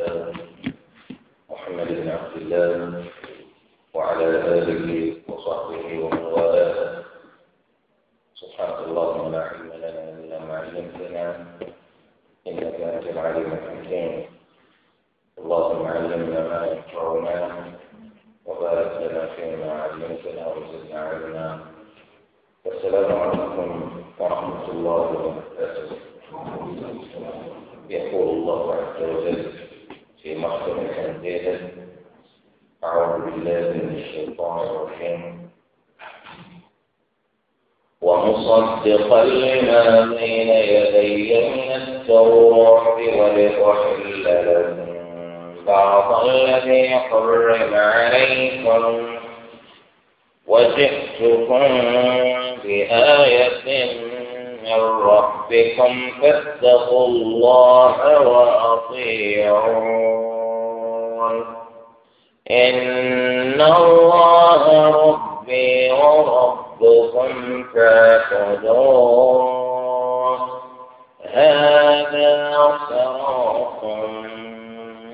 الله محمد بن عبد الله وعلى آله وصحبه ومن والاه سبحانك اللهم لا علم لنا إلا ما علمتنا إنك أنت العليم الحكيم لخل ما بين يدي من التوراة ولأحل لكم بعض الذي حرم عليكم وجئتكم بآية من ربكم فاتقوا الله وأطيعون إن الله ربي وربكم ربكم هذا صراط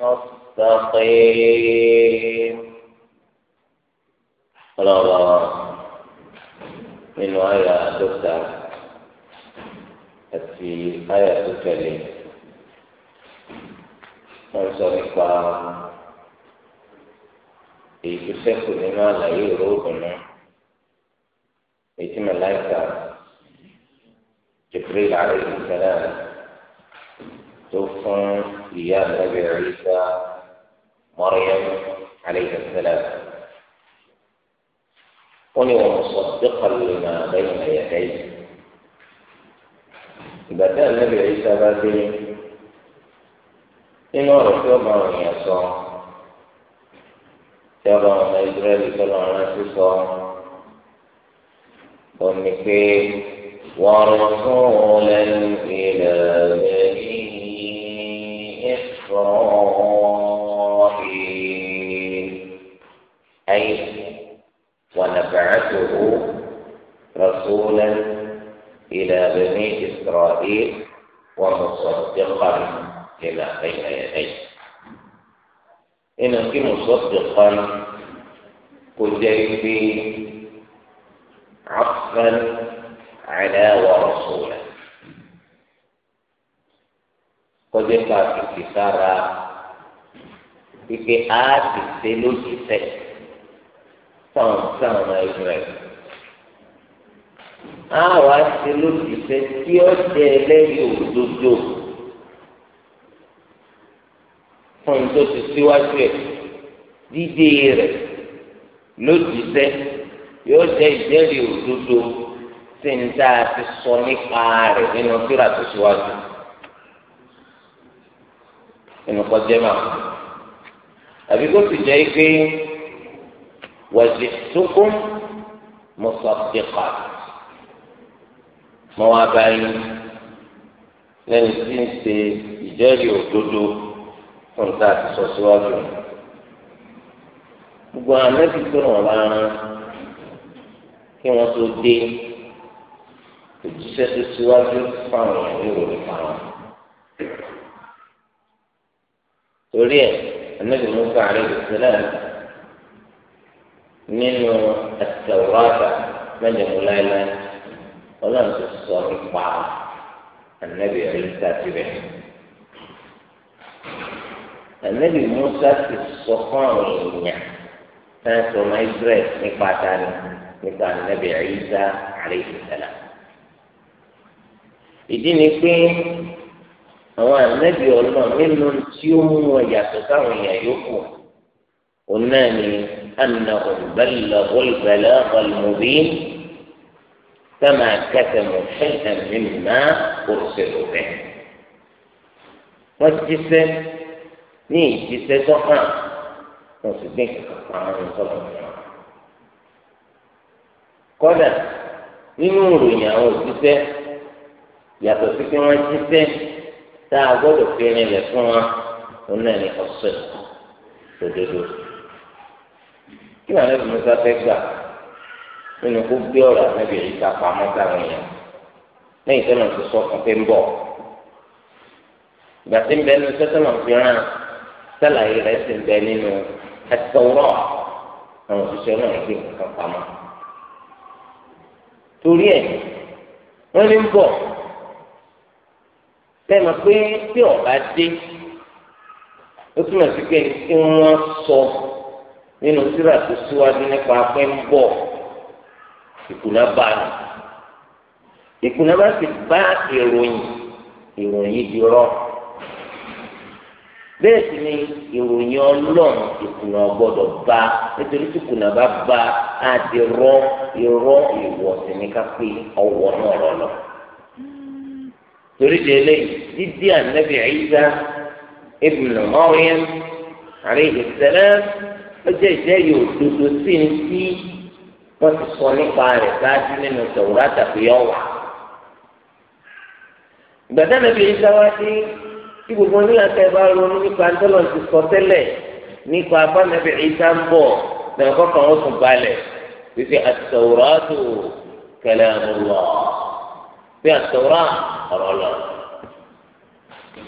مستقيم قال من آية دكتور في آية دكتور wọ́n sọ nípa èyí tó ṣẹ́kù nínú àlàyé ìró òdùnnú. يتم ملائكة جبريل عليه السلام توفن أيام أبي عيسى مريم عليه السلام وني ومصدقا لما بين يديه بدأ النبي عيسى بادي إن أردت ما يصوم يا رب إسرائيل صلى الله عليه وسلم ومثل ورسولا إلى بني إسرائيل أي ونبعثه رسولا إلى بني إسرائيل ومصدقا لما بين يديه إن كي مصدقا قل حقا على ورسوله قد يقع في كسارة في آت السلوك سك سام سام إسرائيل àwọn aṣèlóṣìṣẹ́ tí ó jẹ ẹlẹ́yìn òdodo fún tó ti síwájú ẹ̀ dídé rẹ̀ lójúṣẹ́ yóò jẹ́ ìjẹ́rìí òdodo tí ń tá a ti sọ nípa rẹ̀ nínú síra tó ṣíwájú nínú kọjá máa àbí kó sì jẹ́ pé wàjì tókùn mọ̀sàdìkà mọ́ wá báyìí lẹ́nu tí ń ṣe ìjẹ́rìí òdodo fún tá ti sọ síwájú gbogbo àwọn mẹ́tìtì wọn bá kí wọ́n tó dé òjíṣẹ́ tó síwájú fáwọn èèyàn ní ìròyìn fáwọn. torí ẹ̀ anábì musa àrẹ́lẹ̀ sílẹ̀ nínú àtẹ̀wọ́rọ́dà mẹ́jọ̀mú láéláé ọlọ́run tó sọ nípa anábì ẹ̀ríṣà tirẹ̀. anábì musa ti sọ fún àwọn èèyàn náà sọ nípa tani nípa nàbì Ìsá alayhi salam ìdí ni pé àwọn ànábì Ọlọ́run nínú tí ó mú wọn yàtọ̀ sáwọn èèyàn yòókù òun náà ni أنهم بلغوا البلاغ المبين كما كتموا شيئا مما أرسلوا به والجسد ني جسد وقع وصدق قرآن صلى الله عليه وسلم kọ́dà nínú ìròyìn àwọn òṣìṣẹ́ yàtọ̀ sí pé wọ́n jíṣẹ́ tá a gbọ́dọ̀ fi rinlẹ̀ fún wa òun náà ní ọ̀sẹ̀ òdodo. kí wọn lẹ́nu musa fẹ́ gbà nínú kó gbé ọ̀rọ̀ àmẹ́bí yìí ká pamọ́ sáwọn èèyàn lẹ́yìn tó náà ti sọ fún pé ń bọ̀. ìgbà tí ń bẹ nínú sẹ́tọ̀nà fi ràn sálàyé rẹ̀ sì ń bẹ nínú ẹ̀tọ́wọ́ àwọn òṣìṣẹ́ náà ń gbé nǹkan pamọ́. torí ẹ̀ wọ́n ní ń bọ̀ tẹ́lẹ̀ pé tí dé ó túmọ̀ sí sọ nínú síra tó síwájú nípa pé ń bọ̀ ìkùnà bá nù ìkùnà bá sì bá ìròyìn ìròyìn di bẹ́ẹ̀ sì ni ìròyìn ọlọ́run ìkùnà gbọ́dọ̀ bá nítorí tí ìkùnà bá bá di irọ́ ìwọ̀sì ní ká pé ọwọ́ náà rọ lọ. torí di eléyìí dídí ànábì Ìsá ibn Maryam alayhi salam ó jẹ́ ìjẹ́rìí òdodo sí ní tí wọ́n ti sọ nípa rẹ̀ sáájú nínú Tawrata tàbí ọ̀wà. ìgbàdá ànábì Ìsá wá sí tí gbogbo onílàkà ẹ bá ronú nípa ntọ́lọ́ ti sọ tẹ́lẹ̀ nípa abánábì Ìsá ń bọ̀ lẹ́yìn ó tún balẹ̀ wípé àtàwùrátù kalamullah bí àtàwùrá ọ̀rọ̀ lọ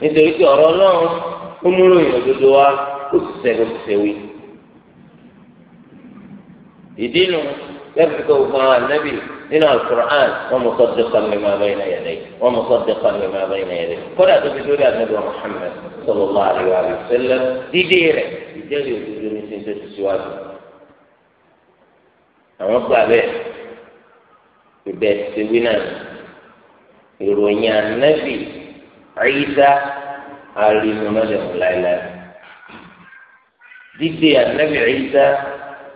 nítorí pé ọ̀rọ̀ Ọlọ́run ó múlò ìyàn dodo wa ó sì sẹ ó sì sẹ wí ìdí nu yàtọ̀ kó gbọ́n ànábì nínú alukur'an wọn mú sọ́dọ̀ kanmi máa bẹ́ẹ̀ náà yẹlẹ́ wọn mú sọ́dọ̀ kanmi máa bẹ́ẹ̀ náà yẹlẹ́ kódà tó fi dórí ànábì wa Muhammad sallallahu alaihi wa sallam dídé rẹ̀ ìjẹ́rìí òdodo ní sèǹtẹ̀ tó síwájú àwọn gbà bẹ́ẹ̀ ìbẹ̀ ti wí náà ìròyìn ànábì àyíṣá àrínúmọ́lẹ̀mú láéláé dídé ànábì àyíṣá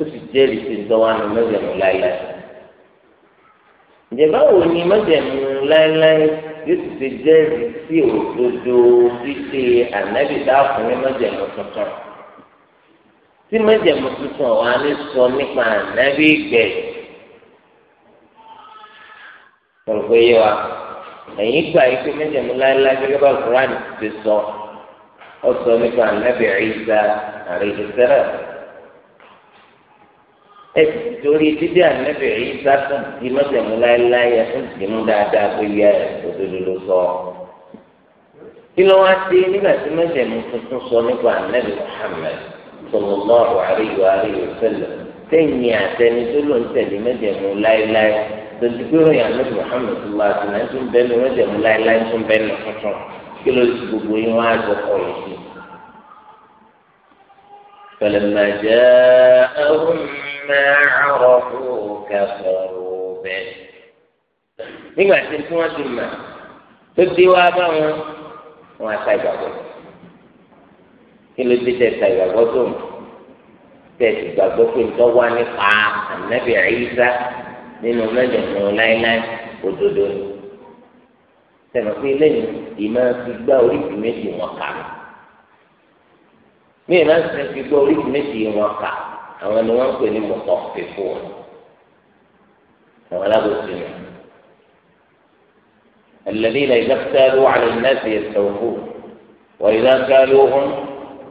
ó sì jẹ́rìí sí ìdánwánu mọ́lẹ̀mú láéláé ǹjẹ́ báwo ni mọ́lẹ̀mú láéláé yóò ti ṣe jẹ́rìí sí òdodo dídé ànábì dáàfún ní mọ́lẹ̀mú tuntun? tí mẹjẹmú tuntun ọ̀wá ní sọ nípa ànábì gbẹ pẹ̀lú pé yé wa ẹ̀yìn gbà yìí pé mẹjẹmú láéláé gẹ́gẹ́ bá kúránì ti sọ ọ sọ nípa ànábì Ìsá alayhi salam ẹ torí dídí ànábì Ìsá fún ti mẹjẹmú láéláé ẹ fún ti mú dáadáa pé yẹ òdodo ló sọ kí ló wá sí nígbà tí mẹjẹmú tuntun sọ nípa ànábì Muhammad. صلى الله عليه وآله وسلم تنيا تني تلون تلي مجمو لا لا تذكروا يا نبي محمد صلى الله عليه وسلم أنتم بينوا مجمو لا لا أنتم بينوا حصر كيلو تسببوا فلما جاءهم ما عرفوا كفروا به nígbà tí wọ́n ti mọ̀ tó dé wá kí ló dé tẹ̀sà ìgbàgbọ́ tó ń tẹ̀sì gbàgbọ́ pé ń tọ́wá nípa ànábì Ìsá nínú mẹ́jọ̀mọ́ láéláé òdodo ni sẹ̀nà pé lẹ́yìn ìmọ̀ ti gbá oríṣi méjì wọn kà mí míì máa ń fi gbọ́ oríṣi méjì wọn kà àwọn ni wọ́n pè ní mọ̀tọ́ fífò àwọn alábòsí ni. الذين إذا اقتالوا على الناس يستوفون وإذا كالوهم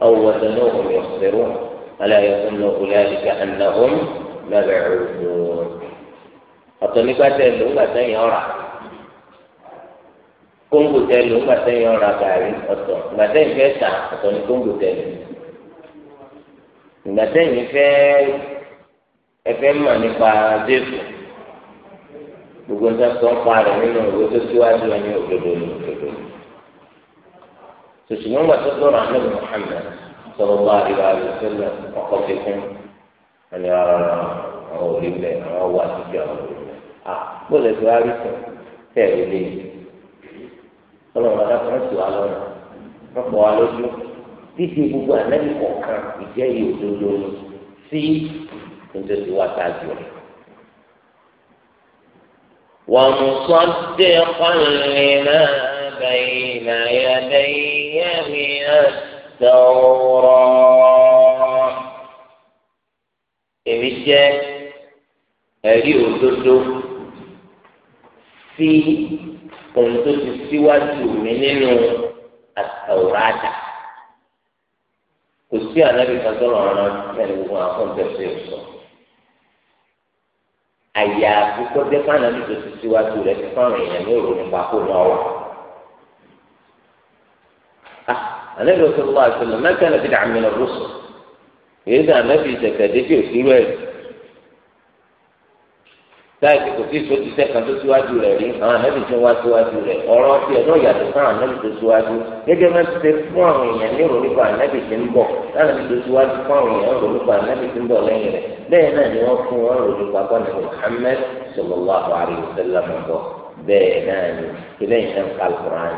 أو وزنوهم يخسرون ألا يظن أولئك أنهم مبعوثون أطلقا تلو باتن يرى kóńgò tẹlu ńgbà tẹyìn ọ̀rọ̀ àgàrí ọ̀tọ̀ ńgbà tẹyìn fẹ́ tà ọ̀tọ̀ ní kóńgò tẹlu ńgbà tẹyìn fẹ́ ẹfẹ́ mọ̀ nípa défù gbogbo nǹkan tó ń pa rẹ̀ nínú ìwé tó síwájú ẹni òdodo ní òdodo ní tòṣùgbọ́n gbà tó dọ̀rọ̀ àná Muhammad sọ̀rọ̀ bá àríwá rẹ̀ sílẹ̀ ọkọ̀ fi kún ẹni ara àwọn òbí bẹ̀ àwọn wà síbi àwọn òbí bẹ̀ à gbọ́dọ̀ tó rárí sùn tẹ̀ ẹ̀ lé ọlọ́run adákan sì wá lọ́nà wọ́n pọ̀ wá lójú títí gbogbo ànábì kọ̀ọ̀kan ìjẹ́ yìí òdodo ni sí nítorí wá sáájú rẹ̀. ومصدقا لما بين يدي من التوراة èmi jẹ́ ẹ̀rí في sí ohun tó ti síwájú mi nínú àtàwòrán kò sí ànábì kan tó ràn án lẹ́nu gbogbo àwọn ọ̀dọ́sẹ̀ sọ. àyà àfikọ́jẹ́ fún ànábì tó ti síwájú rẹ̀ ti fáwọn èèyàn ní òrò nípa kó náà wà. النبي صلى الله عليه وسلم ما كان بدعا من الرسل إذا ما في تكاديفي وسيلو ẹ̀ láìsí kò sí sóti sẹ́kàn tó síwájú rẹ̀ rí àwọn ànábì tó wá síwájú rẹ̀ ọ̀rọ̀ tí ẹ̀ náà yàtọ̀ fún àwọn ànábì tó síwájú gẹ́gẹ́ bá ti ṣe fún àwọn èèyàn ní ìrònípa ànábì tí ń bọ̀ ànábì tó síwájú fún àwọn èèyàn ìrònípa ànábì tí ń bọ̀ lẹ́yìn rẹ̀ bẹ́ẹ̀ náà ni wọ́n fún wọn ìrònípa gbọ́dọ̀ Muhammad sallallahu alaihi wasallam bọ̀ bẹ́ẹ̀ náà ni ilé ìṣẹ́ ń kálukùrán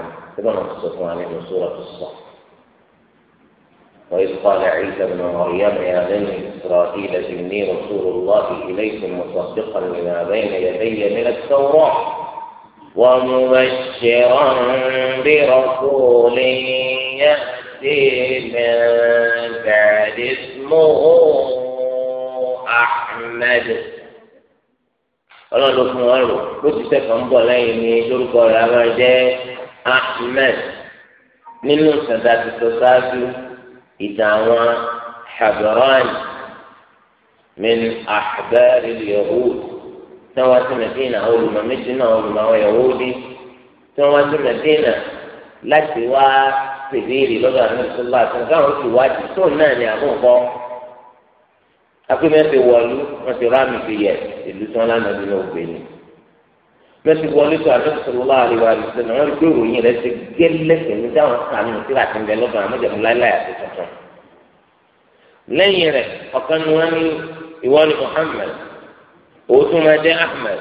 وإذ قال عيسى ابن مريم يا بني إسرائيل إني رسول الله إليكم مصدقا لما بين يدي من التوراة ومبشرا برسول يأتي من بعد اسمه أحمد ọlọ́run ló fún wọn rò ló ti sẹ́kọ̀ọ́ ń bọ̀ lẹ́yìn ní lórúkọ rẹ̀ a máa jẹ́ ahmed nínú sàdá ti ṣáájú ìtàn àwọn Hadrani min ahbari al-yahud tí wọ́n ti Mẹdínà olùmọ̀ méjì náà olùmọ̀ àwọn Yahudi tí wọ́n ti Mẹdínà láti wá ṣèbéèrè lọ́dọ̀ àwọn ìṣòwò àti nǹkan oṣù wájú tó náà ní àbúkọ́ akpé mẹ́fẹ̀ẹ́ wọ̀lú wọ́n ti rámì fi yẹ ìlú tí wọ́n lánàá bí lọ́ọ́ gbé ni lọ́sí wọlé tó àdéhùn sọlọ́lá àríwá àdìsẹ́ náà wọ́n rí pé ìròyìn rẹ̀ ṣe gẹ́lẹ́ pẹ̀lú dáhùn kàánù tí láti ń bẹ lọ́dọ̀ àmọ́jẹ̀mú láíláì àti tuntun. lẹ́yìn rẹ̀ ọ̀kan ni wọ́n ní ìwọ ni Muhammad òótún máa jẹ́ Ahmed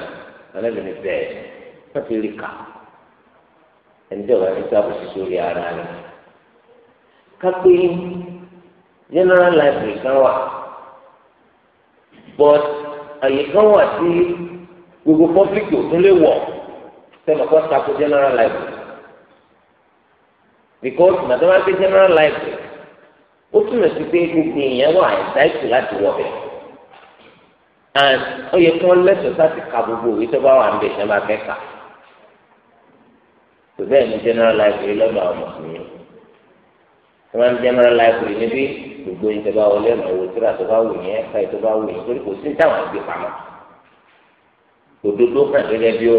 ọlẹ́bìnrin bẹ́ẹ̀ wọ́n ti rí ká ẹni tí ọ̀gá ní sábà sí sórí ara rẹ̀. kápẹ́ general library kan wà but àyè kan wà sí gbogbo pọ́blíkì ò tún lè wọ̀ sẹ́nu kọ́ tako general library because mathematics general library ó túmọ̀ sí pé gbogbo èèyàn wà ẹ̀dáìtì láti wọ̀ bẹ̀ and ó yẹ kí wọ́n lẹ́sọ̀ọ́ láti ka gbogbo òwe tó bá wà ń bẹ̀ ṣẹ́ máa fẹ́ kà kò bẹ́ẹ̀ ni general library lọ́dọ̀ àwọn mùsùlùmí wọ́n máa ń general library níbí gbogbo ìjọba wọlé ìnáwó tíra tó bá wù yẹn ẹ̀ka ìjọba wù yẹn torí kò sí táwọn àgbẹ̀ pamọ́ òdodo hàn gẹ́gẹ́ bí ó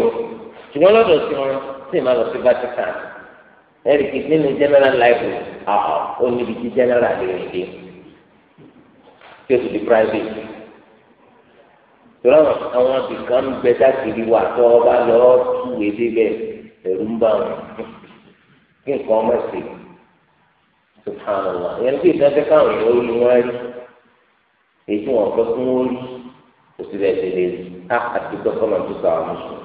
ṣùgbọ́n lọ́dọ̀ sí wọn sì máa lọ sí Vatican ẹ̀ríkì nínú general library àhọ́ ó níbi tí general rẹ̀ dé tí ó sì di private tọ́lá àwọn abìkan ń bẹ dákìrì wà tọ́ ọ bá lọ túwèé débẹ̀ ẹ̀rú ń bá wọn kí nǹkan ọmọ sí subhanallah yẹn bí ìdájọ́ káwọn èèyàn ó lu wọn rí èyí tí wọn kọ́ fún wọn rí kò sí bẹ́ẹ̀ ṣe lè rí. á àdúgbò kọ́nà tó sọ àwọn mùsùlùmí.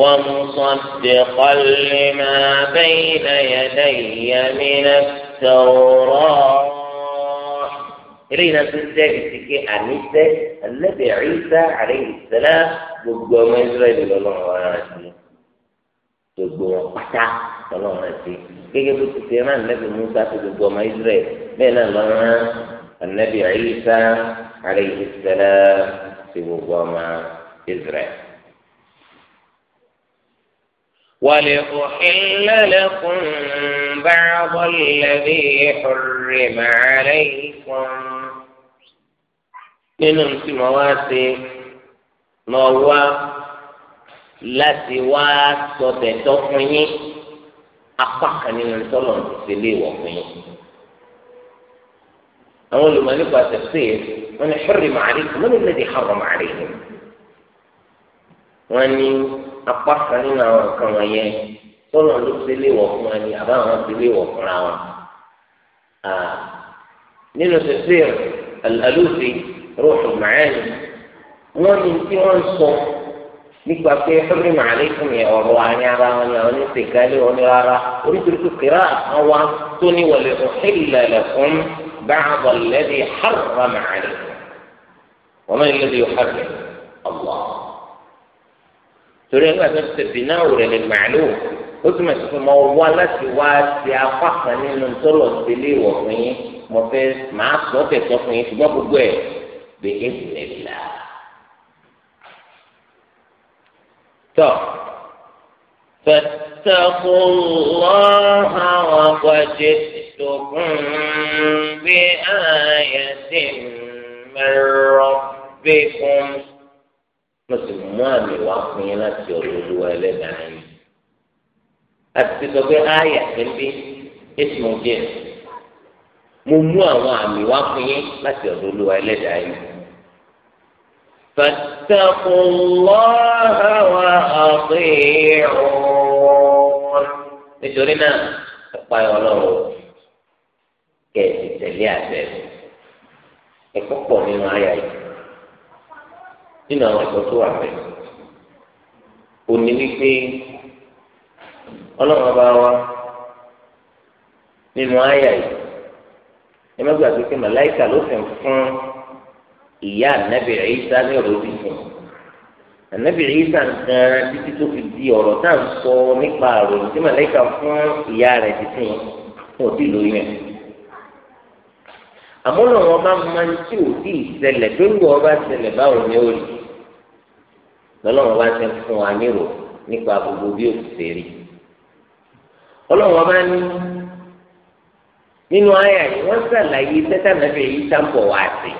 ومصدقا لما بين يدي من التوراه eléyìí náà tún jẹ́ ìsìnkí àníṣe ẹlẹ́bẹ̀ Ìsá alayhi salam gbogbo ọmọ ìsírẹ́lì lọ́lọ́run ọ̀rọ̀ àti gbogbo wọn pátá lọ́lọ́run àti gẹ́gẹ́ bó ti ṣe rán ẹlẹ́bẹ̀ Mùsá tó gbogbo ọmọ ìsírẹ́lì bẹ́ẹ̀ náà lọ́rán ẹlẹ́bẹ̀ Ìsá alayhi salam. sí gbogbo ọmọ Israel. ولأحل لكم بعض الذي حرم عليكم nínú tí mo wá ṣe lọ wá láti wá sọtẹtọ fún yín apá kan nínú tọlọ ti ṣe fún yín àwọn olùmọ̀ nípa tẹsíìrì من حرم عليكم من الذي حرم عليهم واني أقصى لنا كما يه صلى الله عليه وسلم أبا وسلم وقرا آه نينو تفسير الألوسي روح المعاني واني انتي وانصر nípa pé fúnmi màálíkùn yẹn ọ̀rọ̀ àní ara wọn ni àwọn oníṣègálẹ̀ wọn ni rárá oríṣiríṣi kìrá àwọn بعض الذي حرم عليه ومن الذي يحرم الله تريد أن تفسر للمعلوم حكمة ثم ولا سوى سياقة من نصر وسبيلي وفي مفيد مع صوت الصوفي سبب بإذن الله طب فاتقوا الله وقد جئتكم بآية من ربكم مسلمان وقيلة يقولوا لدعي أتتكم آية من اسم الجنس mo mú àwọn àmì wá fún yín láti ọ̀dọ̀ olúwa ẹlẹ́dàá yìí. فاتقوا الله وأطيعون nítorí náà ẹ pa ẹ ọlọ́run o kẹ̀sì tẹ̀lé àṣẹ ẹ̀kọ́ pọ̀ nínú àyà yìí nínú àwọn ẹ̀kọ́ tó wà bẹ́ẹ̀ òní wípé ọlọ́run bá wá nínú àyà yìí ẹ má gbàgbé pé màláìkà ló fẹ́ fún ìyá ànábì Ìsá ní ọ̀rọ̀ òbí fún ànábì Ìsá gan títí tó fi di ọ̀rọ̀ tá ń sọ nípa àròyìn tí màláìkà fún ìyá rẹ̀ títí wọn ò tí ì lóyún ẹ̀ àmọ́ náà wọn bá máa ń tí ò tí ì ṣẹlẹ̀ tó ń wọ́n bá ṣẹlẹ̀ báwo ni ó rí lọ́lọ́wọ́n bá ṣe fún wa nírò nípa gbogbo bí ó ṣe rí ọlọ́wọ́n bá ní nínú àyà yìí wọ́n ṣàlàyé tẹ́tàmẹ́fẹ́ yìí sábọ̀ wá sí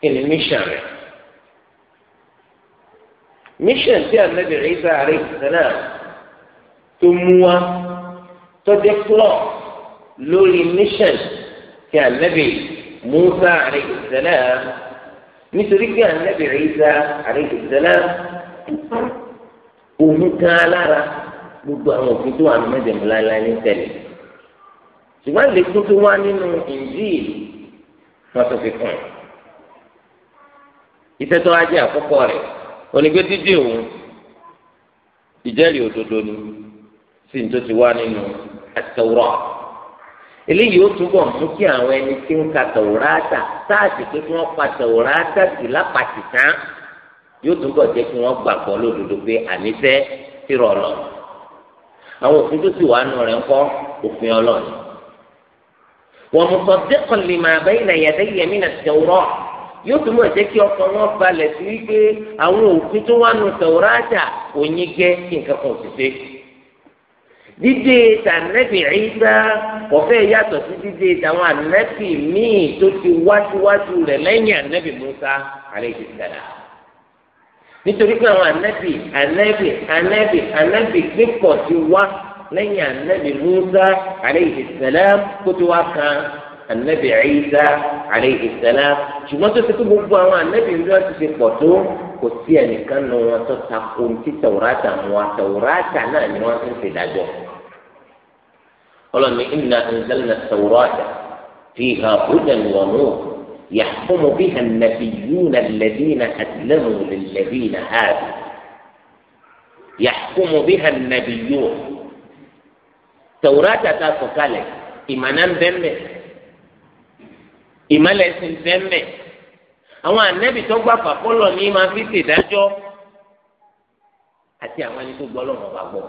kí ni mission rẹ̀ mission tí ànábì Ìsá alayhi salam tó mú wa tó dé klọ̀ lórí mission tí ànábì yìí. Musa alayhi salam nítorí pé ànábì Isa alayhi salam òun kan lára gbogbo àwọn òfin tó wà ní mẹ́jẹ̀mú láéláé ní tẹ̀lé ṣùgbọ́n lẹ́kún tó wá nínú Injil wọ́n tó fi kàn án iṣẹ́ tó wá jẹ́ àkọ́kọ́ rẹ̀ onígbé dídì òun ìjẹ́rìí òdodo ni sí ní tó ti wá nínú at-Tawrah eléyìí ó túbọ̀ mú kí àwọn ẹni tí ń ka tàwùrátà sáàtì pé kí wọ́n pa tàwùrátà sí lápàtì tán yóò túbọ̀ jẹ́ kí wọ́n gbàgbọ́ lódodo pé àníṣẹ́ ti rọ̀ lọ. àwọn òfin tó sì wà nù rẹ̀ ń kọ́ òfin ọlọ́ọ̀ni. wọ́n mú sọ dẹ́kun lè máa bẹ́yìn náà yàtẹ́ yẹmí náà tẹ̀wúrọ̀ yóò túbọ̀ jẹ́ kí ọkàn wọn balẹ̀ sí wípé àwọn òfin tó wà nù tàwùrátà dídé tànẹ́bì Ìsá kò fẹ́ yàtọ̀ sí dídé tàwọn ànẹ́bì míì tó ti wájúwájú rẹ̀ lẹ́yìn ànẹ́bì Mùsá alayhi salam nítorí pé àwọn ànẹ́bì ànẹ́bì ànẹ́bì ànẹ́bì pípọ̀ ti wá lẹ́yìn ànẹ́bì Mùsá alayhi salam kó tó wá kan ànẹ́bì Ìsá alayhi salam ṣùgbọ́n tó ti kó gbogbo àwọn ànẹ́bì ń lọ́ọ́ ti ti pọ̀ tó kò sí ẹnìkan nù wọn tó ta kó ní tẹ̀wúrátà wọn tẹ̀wúrátà náà ni wọ́n ti ń ṣèdájọ́ ọlọ́ni inna anzalna tawrata fiha hudan wa nur yahkumu biha an-nabiyyuna alladhina aslamu lilladhina hadu yahkumu biha an-nabiyyun tawrata ta sọ̀kalẹ̀ ìmọ̀nà ń bẹ́ẹ̀ ìmọ̀lẹ̀ sì ń bẹ́ẹ̀ àwọn ànábì tó gbà fàkọlọ ní máa fi ṣèdájọ́ àti àwọn ẹni tó gbọ́ lọ́wọ́ bá gbọ́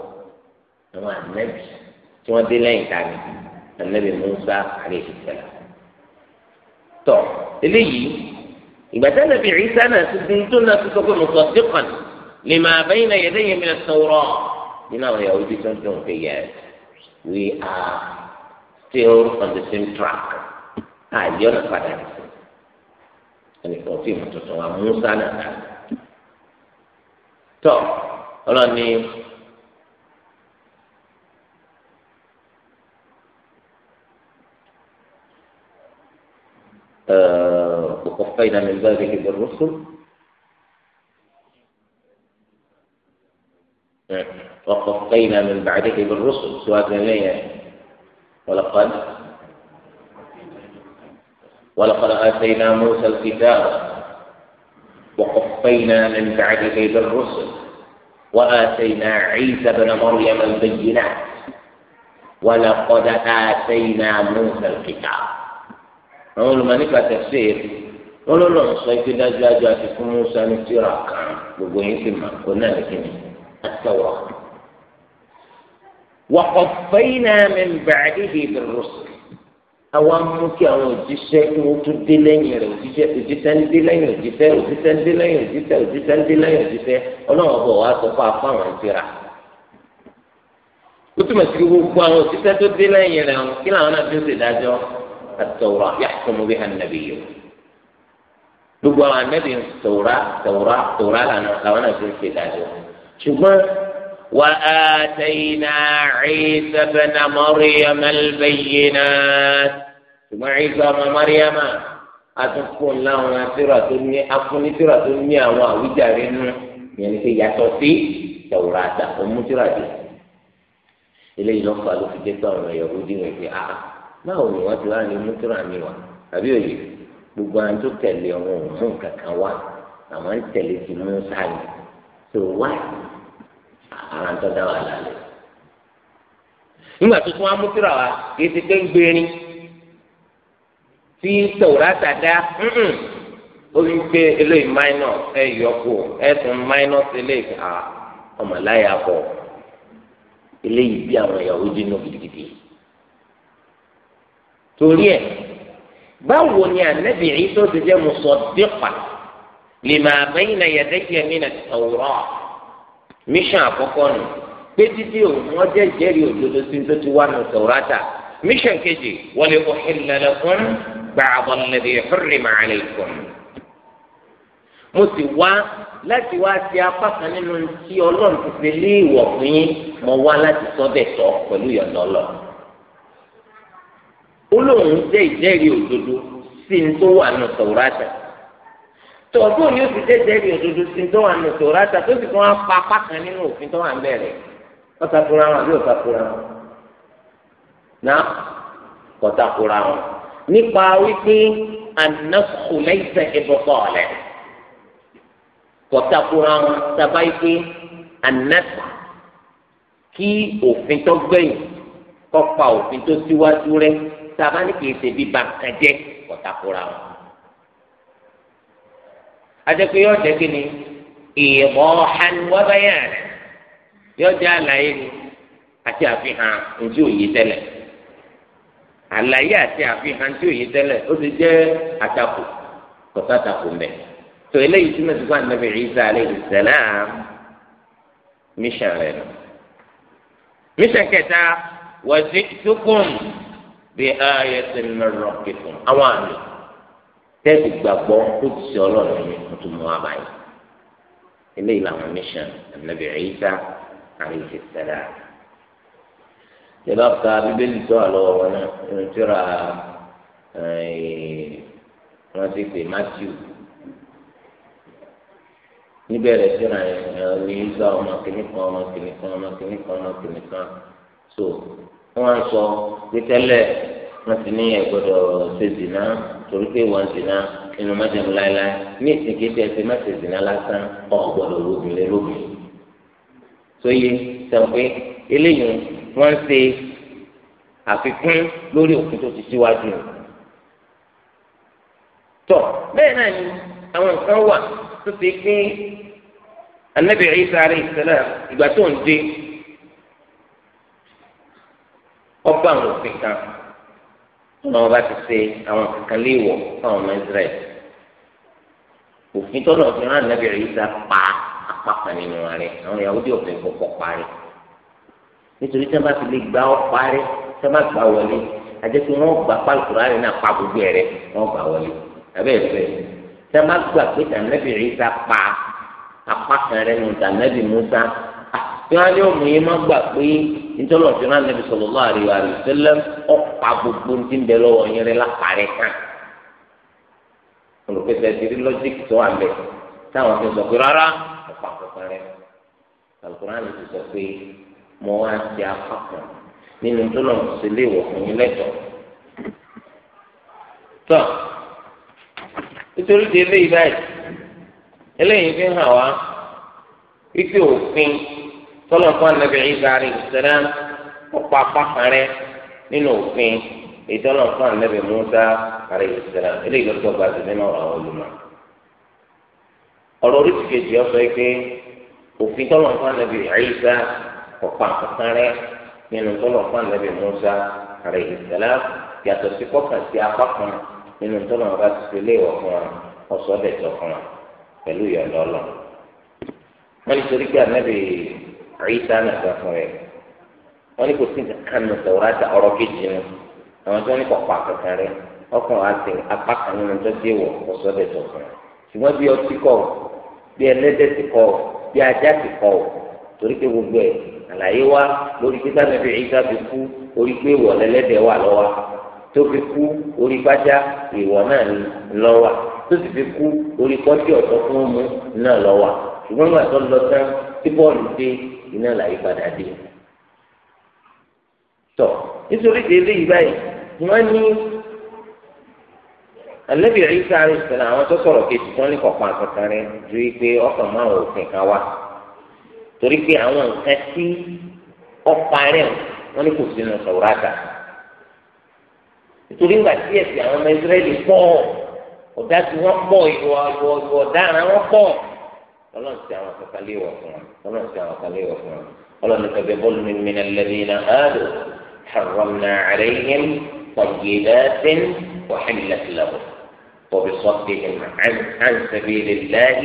àwọn ànábì tí wọ́n dé lẹ́yìn tani anabi musa alayhi salam tọ eléyìí ìgbà tí anabi isa náà ti dun tó náà ti sọ pé musaddiqan lima bayna yadayhi min at-tawrah nínú àwọn yahudi tó ń dùn pé yes we are still on the same track àìyọ́ náà padà ẹnì kan fíìmù tuntun wa musa náà tọ ọlọ́ni. آه، وقفينا من بابه بالرسل وقفينا من بعده بالرسل سواء يعني ولقد ولقد آتينا موسى الكتاب وقفينا من بعده بالرسل وآتينا عيسى بن مريم البينات ولقد آتينا موسى الكتاب àwọn olùmọ̀ọ́nì pàtẹ sí i wọn ló lọ́n sọ ife dájúdájú àti fún musa ní tíra kan gbogbo yín sì mà kó náà nìkan ní àtẹwà. wàkọ̀fẹ́yìnà mi bàdí ìdè rọ̀sì àwa mú kí àwọn òjíṣẹ́ kí wọ́n tún dé lẹ́yìn rẹ̀ òjíṣẹ́ ń dé lẹ́yìn òjíṣẹ́ òjíṣẹ́ ń dé lẹ́yìn òjíṣẹ́ òjíṣẹ́ ń dé lẹ́yìn òjíṣẹ́ ọlọ́run bọ̀ wá sọ fún àwọn التوراة يحكم بها النبي gbogbo النبي التوراة التوراة التوراة أنا لو أنا في الكتاب شوف وآتينا عيسى بن مريم البينات ثم عيسى بن مريم أتكون لهم سيرة أكون سيرة دنيا وأوجارين يعني في يتوفي توراة أم سيرة إليه لو قالوا في جسر يهودي وفي آخر báwo ni wọ́n ti wá ní mútúrà mi wá àbí òye gbogbo àwọn tó tẹ̀lé ọmọ òun kankan wá àwọn ń tẹ̀lé ti mú sáyẹn tó wá àwọn tó dá wà lálẹ́ nígbà tó tún wá mútúrà wá kì ti pé ń tí tòwúrátà dá orí gbé eléyìí ẹ yọkù ah, gidigidi. torí ẹ̀ báwo ni ànábì Ìsá ti jẹ́ musaddiqan lima bayna yadayhi mina at-Tawrah mission àkọ́kọ́ nù pé títí òun wọ́n jẹ́ ìjẹ́rìí òdodo sí tó ti wá nù Tawrata mission kejì wa li uhilla lakum ba'da alladhi hurrima alaykum mo sì wá láti wá sí apá kan nínú tí ọlọ́run ti fi lé ìwọ̀ fún yín mo wá láti sọ́dẹ̀ tọ́ pẹ̀lú ìyọ̀nà ọlọ́run ó lóun jẹ́ ìjẹ́rìí òdodo sí ní tó wà nù tòwúrátà tọ̀dún ni ó ti jẹ́ ìjẹ́rìí òdodo sí ní tó wà nù tòwúrátà tó sì tún wá pa apá kan nínú òfin tó wà ń bẹ̀rẹ̀ ọ̀tàkùnrin àwọn àbí ọ̀tàkùnrin àwọn náà kọ̀tàkùnrin àwọn nípa wípé anakulẹ́sẹ̀ ìbọ̀kọ̀ ọ̀lẹ̀ kọ̀tàkùnrin àwọn sábà wípé anasa kí òfin tó gbẹ̀yìn kọ́ pa òfin tó síwájú rẹ̀ tàbá ní kìí ṣe bí bàǹkà jẹ́ kọ̀tàkùrà wọn. àjẹpẹ́ yóò jẹ́ kí ni ìmọ̀ hanwábáyà rẹ̀ yóò jẹ́ àlàyé ni àti àfihàn ntí òye tẹ́lẹ̀ àlàyé àti àfihàn ntí òye tẹ́lẹ̀ ó ti jẹ́ àtakò kọ̀tàkù mẹ́. tó eléyìí túmọ̀ sí fún Ànábì Ìsá alayhi salam míṣàn rẹ̀ nù. míṣàn kẹta wọ́n ti túkùn bí ayé ti ń rọ kìfún àwọn àmì tẹ́sí gbàgbọ́ kó ti ṣe ọlọ́run ní tuntun mọ́ àbáyé eléyìí làwọn mission ànábì Ìsá alayhi salam ìjọba ka bíbélì tó àlọ́wọ́ wọn náà ń eh, wọn ti pè Matthew níbẹ̀rẹ̀ tura ẹ̀ ẹ̀ Ìsá ọmọ kìnnìkan ọmọ kìnnìkan ọmọ kìnnìkan ọmọ kìnnìkan so wọn sọ pé tẹ́lẹ̀ wọn ti ní ẹgbọ́dọ̀ ṣe zina torí pé wọn zina nínú mẹjọba láéláé ní ìsìnkí tẹ ṣe mẹsẹ zina lásán ọgbọ́dọ̀ lóbìnrin lóbìnrin sóye sẹpẹ eléyìí wọn ṣe àfikún lórí òfin tó ti síwájú tọ bẹ́ẹ̀ náà ni àwọn nǹkan wà tó ti pín anabi Isa alayhi salam ìgbà tó ń dé ọgbà àwọn òfin kan ọ̀nà ọba ti ṣe àwọn kankan lè wọ̀ fáwọn ọmọ israẹl òfin tọ́lọ̀ fi hàn nàbì ẹ̀yíṣà pa apákan nínú rẹ̀ àwọn ìyàwó dé òfin kọ̀ọ̀kọ̀ parí nítorí tí wọ́n bá fi lè gbà ọ́ parí tí wọ́n bá gbà wọlé àjẹsí wọn gbà pálukùrọ̀ àrẹ náà pa gbogbo ẹ̀rẹ́ wọn gbà wọlé abẹ́ ẹ̀fẹ́ tí gbà pé tànàbì ẹ̀yíṣà pa apákan rẹ̀ nù tànàbì Musa bí wọn ní òmù yìí má gbà pé nítorí ọ̀sẹ̀ náà Nabi sallallahu ọ̀pá gbogbo ti ń bẹ lọ́wọ́ yẹn rẹ lápárẹ̀ kan olùpẹ̀sẹ̀ ti rí lọ́jíìkì tó wà bẹ̀ táwọn fi sọ pé rárá ọ̀pá ti sọ pé mo wá ti apá kan nínú tó yín fi hàn wá wípé òfin. tọ́lọ̀ fún anabi Isa alayhi salam ọ̀pọ̀ apákanrẹ́ nínú òfin ìtọ́lọ̀ fún anabi Musa alayhi salam eléyìí lọ́tọ́ gba sí nínú àwọn olùmọ̀ ọ̀rọ̀ oríṣi kejì ọ̀sọ́ yìí pé òfin tọ́lọ̀ fún anabi Isa ọ̀pọ̀ apákanrẹ́ nínú tọ́lọ̀ fún anabi Musa alayhi salam yàtọ̀ sí kọ́kàn sí apákan nínú tọ́lọ̀ bá ti fi léèwọ̀ fún wa ọ̀sọ́ Ìsá náà gbà fún rẹ̀ wọ́n ní kò sí nǹkan kan nù sọ̀rọ̀ àti ọ̀rọ̀ kejì nù àwọn tí wọ́n ní kò pa kankan rẹ̀ ọkàn àti apá kan nínú tó dé wọ̀ ọ̀sọ́dẹ̀ tọ̀kan ṣùgbọ́n bí ọtí kọ̀ bí ẹlẹ́dẹ̀ ti kọ̀ bí ajá ti kọ̀ torí pé gbogbo ẹ̀ àlàyé wa lórí pé sanabi Ìsá fi kú orí pé ìwọ̀ lẹ́lẹ́dẹ̀ wà lọ́wọ́ tó fi kú orí pàjá ìwọ̀ náà lọ́wọ́ tó sì fi kú orí pọ́tì ọ̀tọ̀ fún mu náà lọ́wọ́ ṣùgbọ́n gbà tó lọ tán bọ́ọ̀lù iná làyí padà dé tọ nítorí délé yìí wọn ní alẹ́bí ẹ̀rí sáré àwọn tó sọ̀rọ̀ kejì tán ní kọ̀ọ̀kan kankan ju pé ọkàn máa òfin kan wá torí pé àwọn nǹkan tí ọ̀pá rẹ̀ wọn ní kò sínú sọ̀rọ̀ta nítorí ńgbà tí ẹ̀sìn àwọn ọmọ tí wọn pọ̀. ọlọ́run ti àwọn kankan lé wọ̀ fún wa ọlọ́run ti àwọn kankan lé wọ̀ fún wa ọlọ́run ní kàbí bọ́ọ̀lù mi mi náà lẹ́bi iná áàdù حرمنا عليهم طيبات وحلت لهم وبصدهم عن عن سبيل الله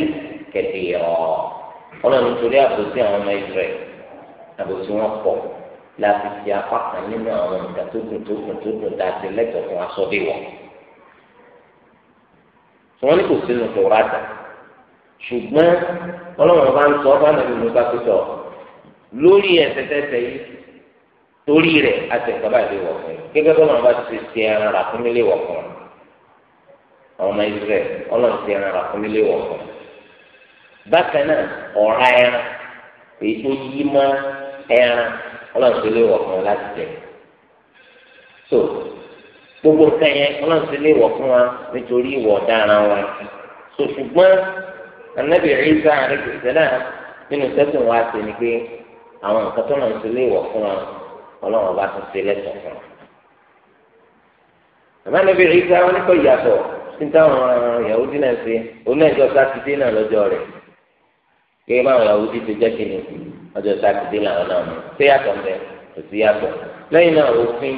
كثيرا ọlọ́run torí àbòsí àwọn ọmọ israẹl àbòsí wọn pọ̀ láti fi apá kan nínú àwọn nǹkan tó dùn tó ní kò sínú tó rádà. ṣùgbọ́n ọlọ́run bá ń sọ ọba nàbí musa pẹ̀tọ̀ lórí ẹ̀sẹ̀tẹ̀sẹ̀ yìí torí rẹ̀ àtẹ̀kọ́bá ilé wọ̀ fún yìí gẹ́gẹ́ bọ́lá bá ti ṣe ẹran rà fún ilé wọ̀ fún àwọn ọmọ Israẹl ọlọ́run ti ẹran rà fún ilé wọ̀ fún bákan náà ọ̀rá ẹran èyí tó yí mọ́ ẹran ọlọ́run ti ilé wọ̀ láti jẹ so gbogbo nǹkan yẹn ọlọ́run ti ilé wọ̀ fún wa nítorí ìwọ̀ ọ̀daràn wa so ṣùgbọ́n anabi Isa alayhi salam nínú sẹ́sìn wa ṣe ni pé àwọn nǹkan tó náà ń sílé ìwọ̀ fún wa ọlọ́run ọba tó ṣe lẹ́sọ̀ fún wa. àmọ́ anabi Isa wọn kọ́ ìyàtọ̀ sí táwọn Yahudi náà ṣe oníjọ sátidé náà lọ́jọ́ rẹ̀ kí báwọn Yahudi ti jẹ́ kí ni ọjọ́ sátidé làwọn náà mú ṣé yàtọ̀ mbẹ́ kò sí yàtọ̀ lẹ́yìn náà òfin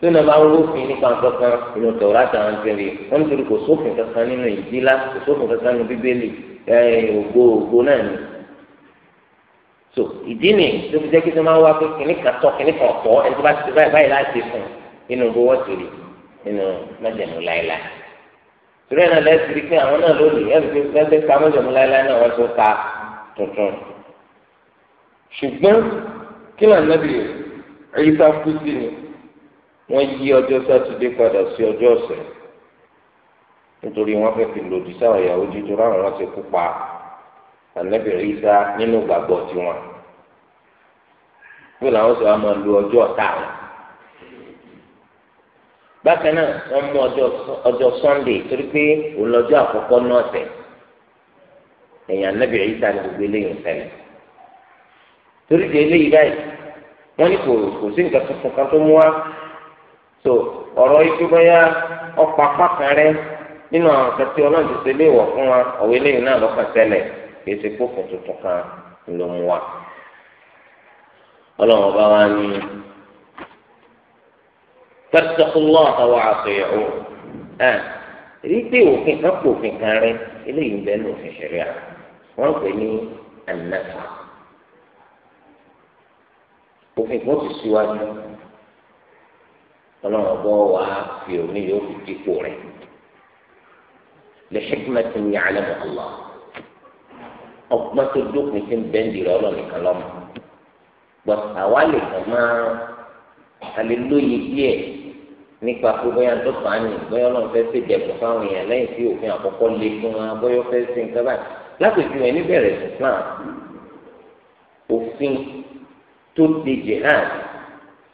tó náà máa ń rófin nípa kankan ìlú tọ̀rọ̀ àtàwọn ti rí wọn nítorí kò sófin kankan nínú ìdílá kò sófin kankan nínú bíbélì ògbó ògbó náà ni so ìdí ni tó fi jẹ́ kí tó máa wá pé kìnnì kan tọ́ kìnnì kan tọ́ ẹni tó bá ti báyìí láti fún nínú gbowó tìrì nínú májẹ̀mú láéláé torí ẹ̀ náà lẹ́sìn rí pé àwọn náà lónìí ẹ̀rí pé lẹ́sìn ká májẹ̀mú láéláé náà wọ́n tó ta tuntun ṣùgbọ́n kí là ń nábì ẹ̀yí sá sí ni wọ́n yí ọjọ́ sátidé padà sí ọjọ́ ọ̀sẹ̀ nítorí wọ́n fẹ́ẹ́ fi lòdì sáwọn ìyàwó jíjọ ráwọn wọn ti kú pa ànábì Ìsá nínú gbàgbọ́ tiwọn bí làwọn sọ wọn máa lu ọjọ́ ọ̀tá wọn bákan náà wọ́n mú ọjọ́ Sunday torí pé òun lọ́jọ́ àkọ́kọ́ náà tẹ èèyàn ànábì Ìsá ní gbogbo eléyìí ṣẹlẹ̀ torí di eléyìí báyìí wọ́n ní kò kò sí nǹkan tuntun kan tó mú wa so ọ̀rọ̀ ikú bẹyà ọ̀pọ̀ apá kan rẹ nínú àwọn kan tí ọlọ́run ti ṣe léèwọ̀ fún wa ọ̀wé eléyìí náà lọ́kàn tẹ́lẹ̀ kì í ṣe kófin tuntun kan ló mú wa. ọlọ́run ọba wa ní tẹ́tẹ́kúlọ́ àwọn àṣeyọ̀ ẹ̀ rí pé òfin kan kò òfin kan rẹ eléyìí ń bẹ ní òfin ṣẹ̀ríà wọ́n pè ní ànáfà òfin kan ti síwájú ọlọ́run ọba wa fi òní yóò fi dípò rẹ̀. لحكمة يعلمها الله ọgbọ́n tó dópin tí ń bẹ́ǹdì rẹ ọlọ́run kan lọ́mọ gbọ́n àwa lè kàn máa alélóye díẹ̀ nípa pé bóyá ń tọ́pọ̀ á nì bóyá ọlọ́run fẹ́ ṣe dẹ̀kun fáwọn èèyàn lẹ́yìn tí òfin àkọ́kọ́ lé fún wa bóyá ó fẹ́ ṣe nǹkan báyìí lápèjú ẹ níbẹ̀rẹ̀ Islam òfin tó de jihad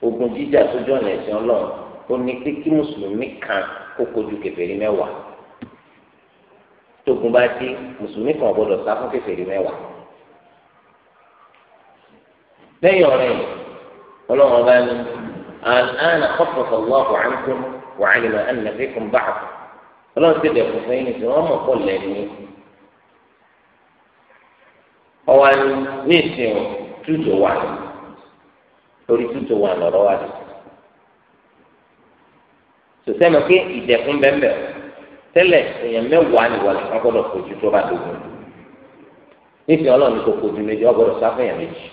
ogun jíjà sójú ọ̀nà ẹ̀sìn ọlọ́run ó ní pé kí mùsùlùmí kan kó kojú kèfèrí mẹ́wàá tógun bá dé mùsùlùmí kan gbọdọ̀ sá fún kèfèrí mẹ́wàá lẹ́yìn ọ̀rẹ́ ọlọ́run ọba ni àná kọ́pọ̀tọ̀ lọ́ọ̀kọ̀ àǹkún wà á nìmọ̀ àná fíkún bá àpò ọlọ́run ti dẹ̀ fún yín nítorí wọ́n mọ̀ pọ̀ lẹ́nu ọwọ́ ni ní ìsìn tútù wà lórí tútù wà lọ́rọ́ wà lọ́sẹ̀ sọ́sẹ́ pé ìdẹ̀kùn bẹ́ẹ̀ bẹ́ẹ̀ tẹ́lẹ̀ èèyàn mẹ́wàá ni wàlẹ̀ kan gbọ́dọ̀ fojú tó bá dogun nífẹ̀ẹ́ ọlọ́run kò fojú méjì ọ gbọ́dọ̀ sáfẹ̀yàn méjì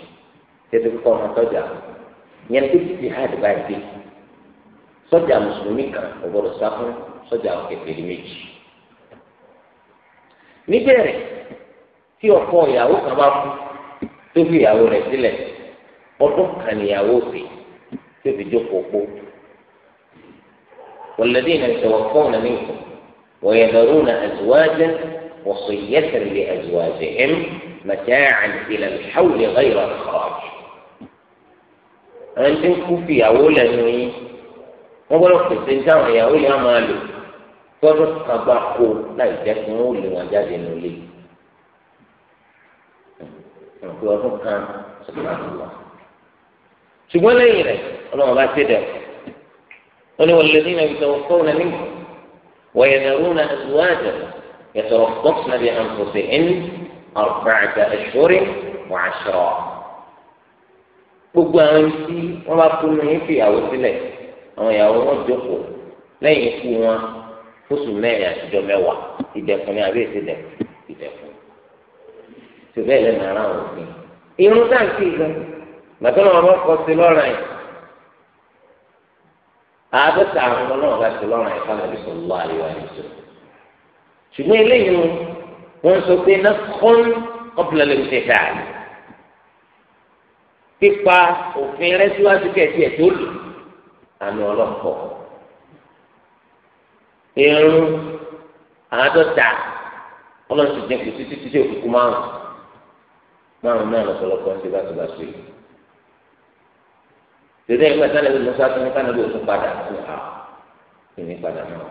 tètè kọ́ ọmọ sọ́jà yẹn tó ti fi hàd báyìí dé sọ́jà mùsùlùmí kan ọ gbọ́dọ̀ sáfún sọ́jà kèfèrí méjì níbẹ̀rẹ̀ tí ọkọ ìyàwó kan bá kú tó fi ìyàwó rẹ̀ sílẹ̀ ọdún kan níyàwó fi tó fi jókòó pọ̀ wọ̀lẹ́dínlẹ̀ ìṣòwò fọ́ọ̀nù ní ìfọ̀ ويذرون أزواجا وصية لأزواجهم متاعا إلى الحول غير إخراج أنا تنكو في أولا مي أولا في السنجاو يا أولا مالو فرص قباقو لا يجب مولي وجاد نولي سبحان الله شبه لا يرى أنا ما بأس يدعو أنا والذين يتوقعون منكم ويذرون أزواجا يتربصن بأنفسهن أربعة أشهر وعشرا gbogbo àwọn etí wọn bá kú ní fìyàwó sílẹ̀ àwọn ìyàwó wọn jókòó lẹ́yìn ikú wọn fóṣù mẹ́rin àtijọ́ mẹ́wàá ìdẹ̀kùn ni àbí èsì dẹ̀kùn ìdẹ̀kùn tó bẹ́ẹ̀ lẹ́nu ara òfin irun táǹkì gan gbàtọ́ náà wọn kọ sí lọ́ràn yìí àádọ́ta àwọn ọlọ́run bá ti lọ́rùn ẹ̀ka lọ́bi sọ̀rọ̀ àríwá ẹ̀jọ̀ ṣùgbọ́n eléyìí wọ́n sọ pé nàkọ́n ọ̀bùlọ̀lẹ̀ ti dà ní pípa òfin rẹ síwájú kẹ̀kẹ́ tó lò àmì ọlọ́pọ̀ irun àádọ́ta ọlọ́run ti dín òkùnkùn márùn-ún márùn-ún náà lọ́sọ̀lọ́pọ̀ ṣe bá ti bá ṣe yìí. Jadi ẹgbẹ́ sálẹ̀ bí musa tó ní ká nàbí òtún padà sí ha kí ni padà náà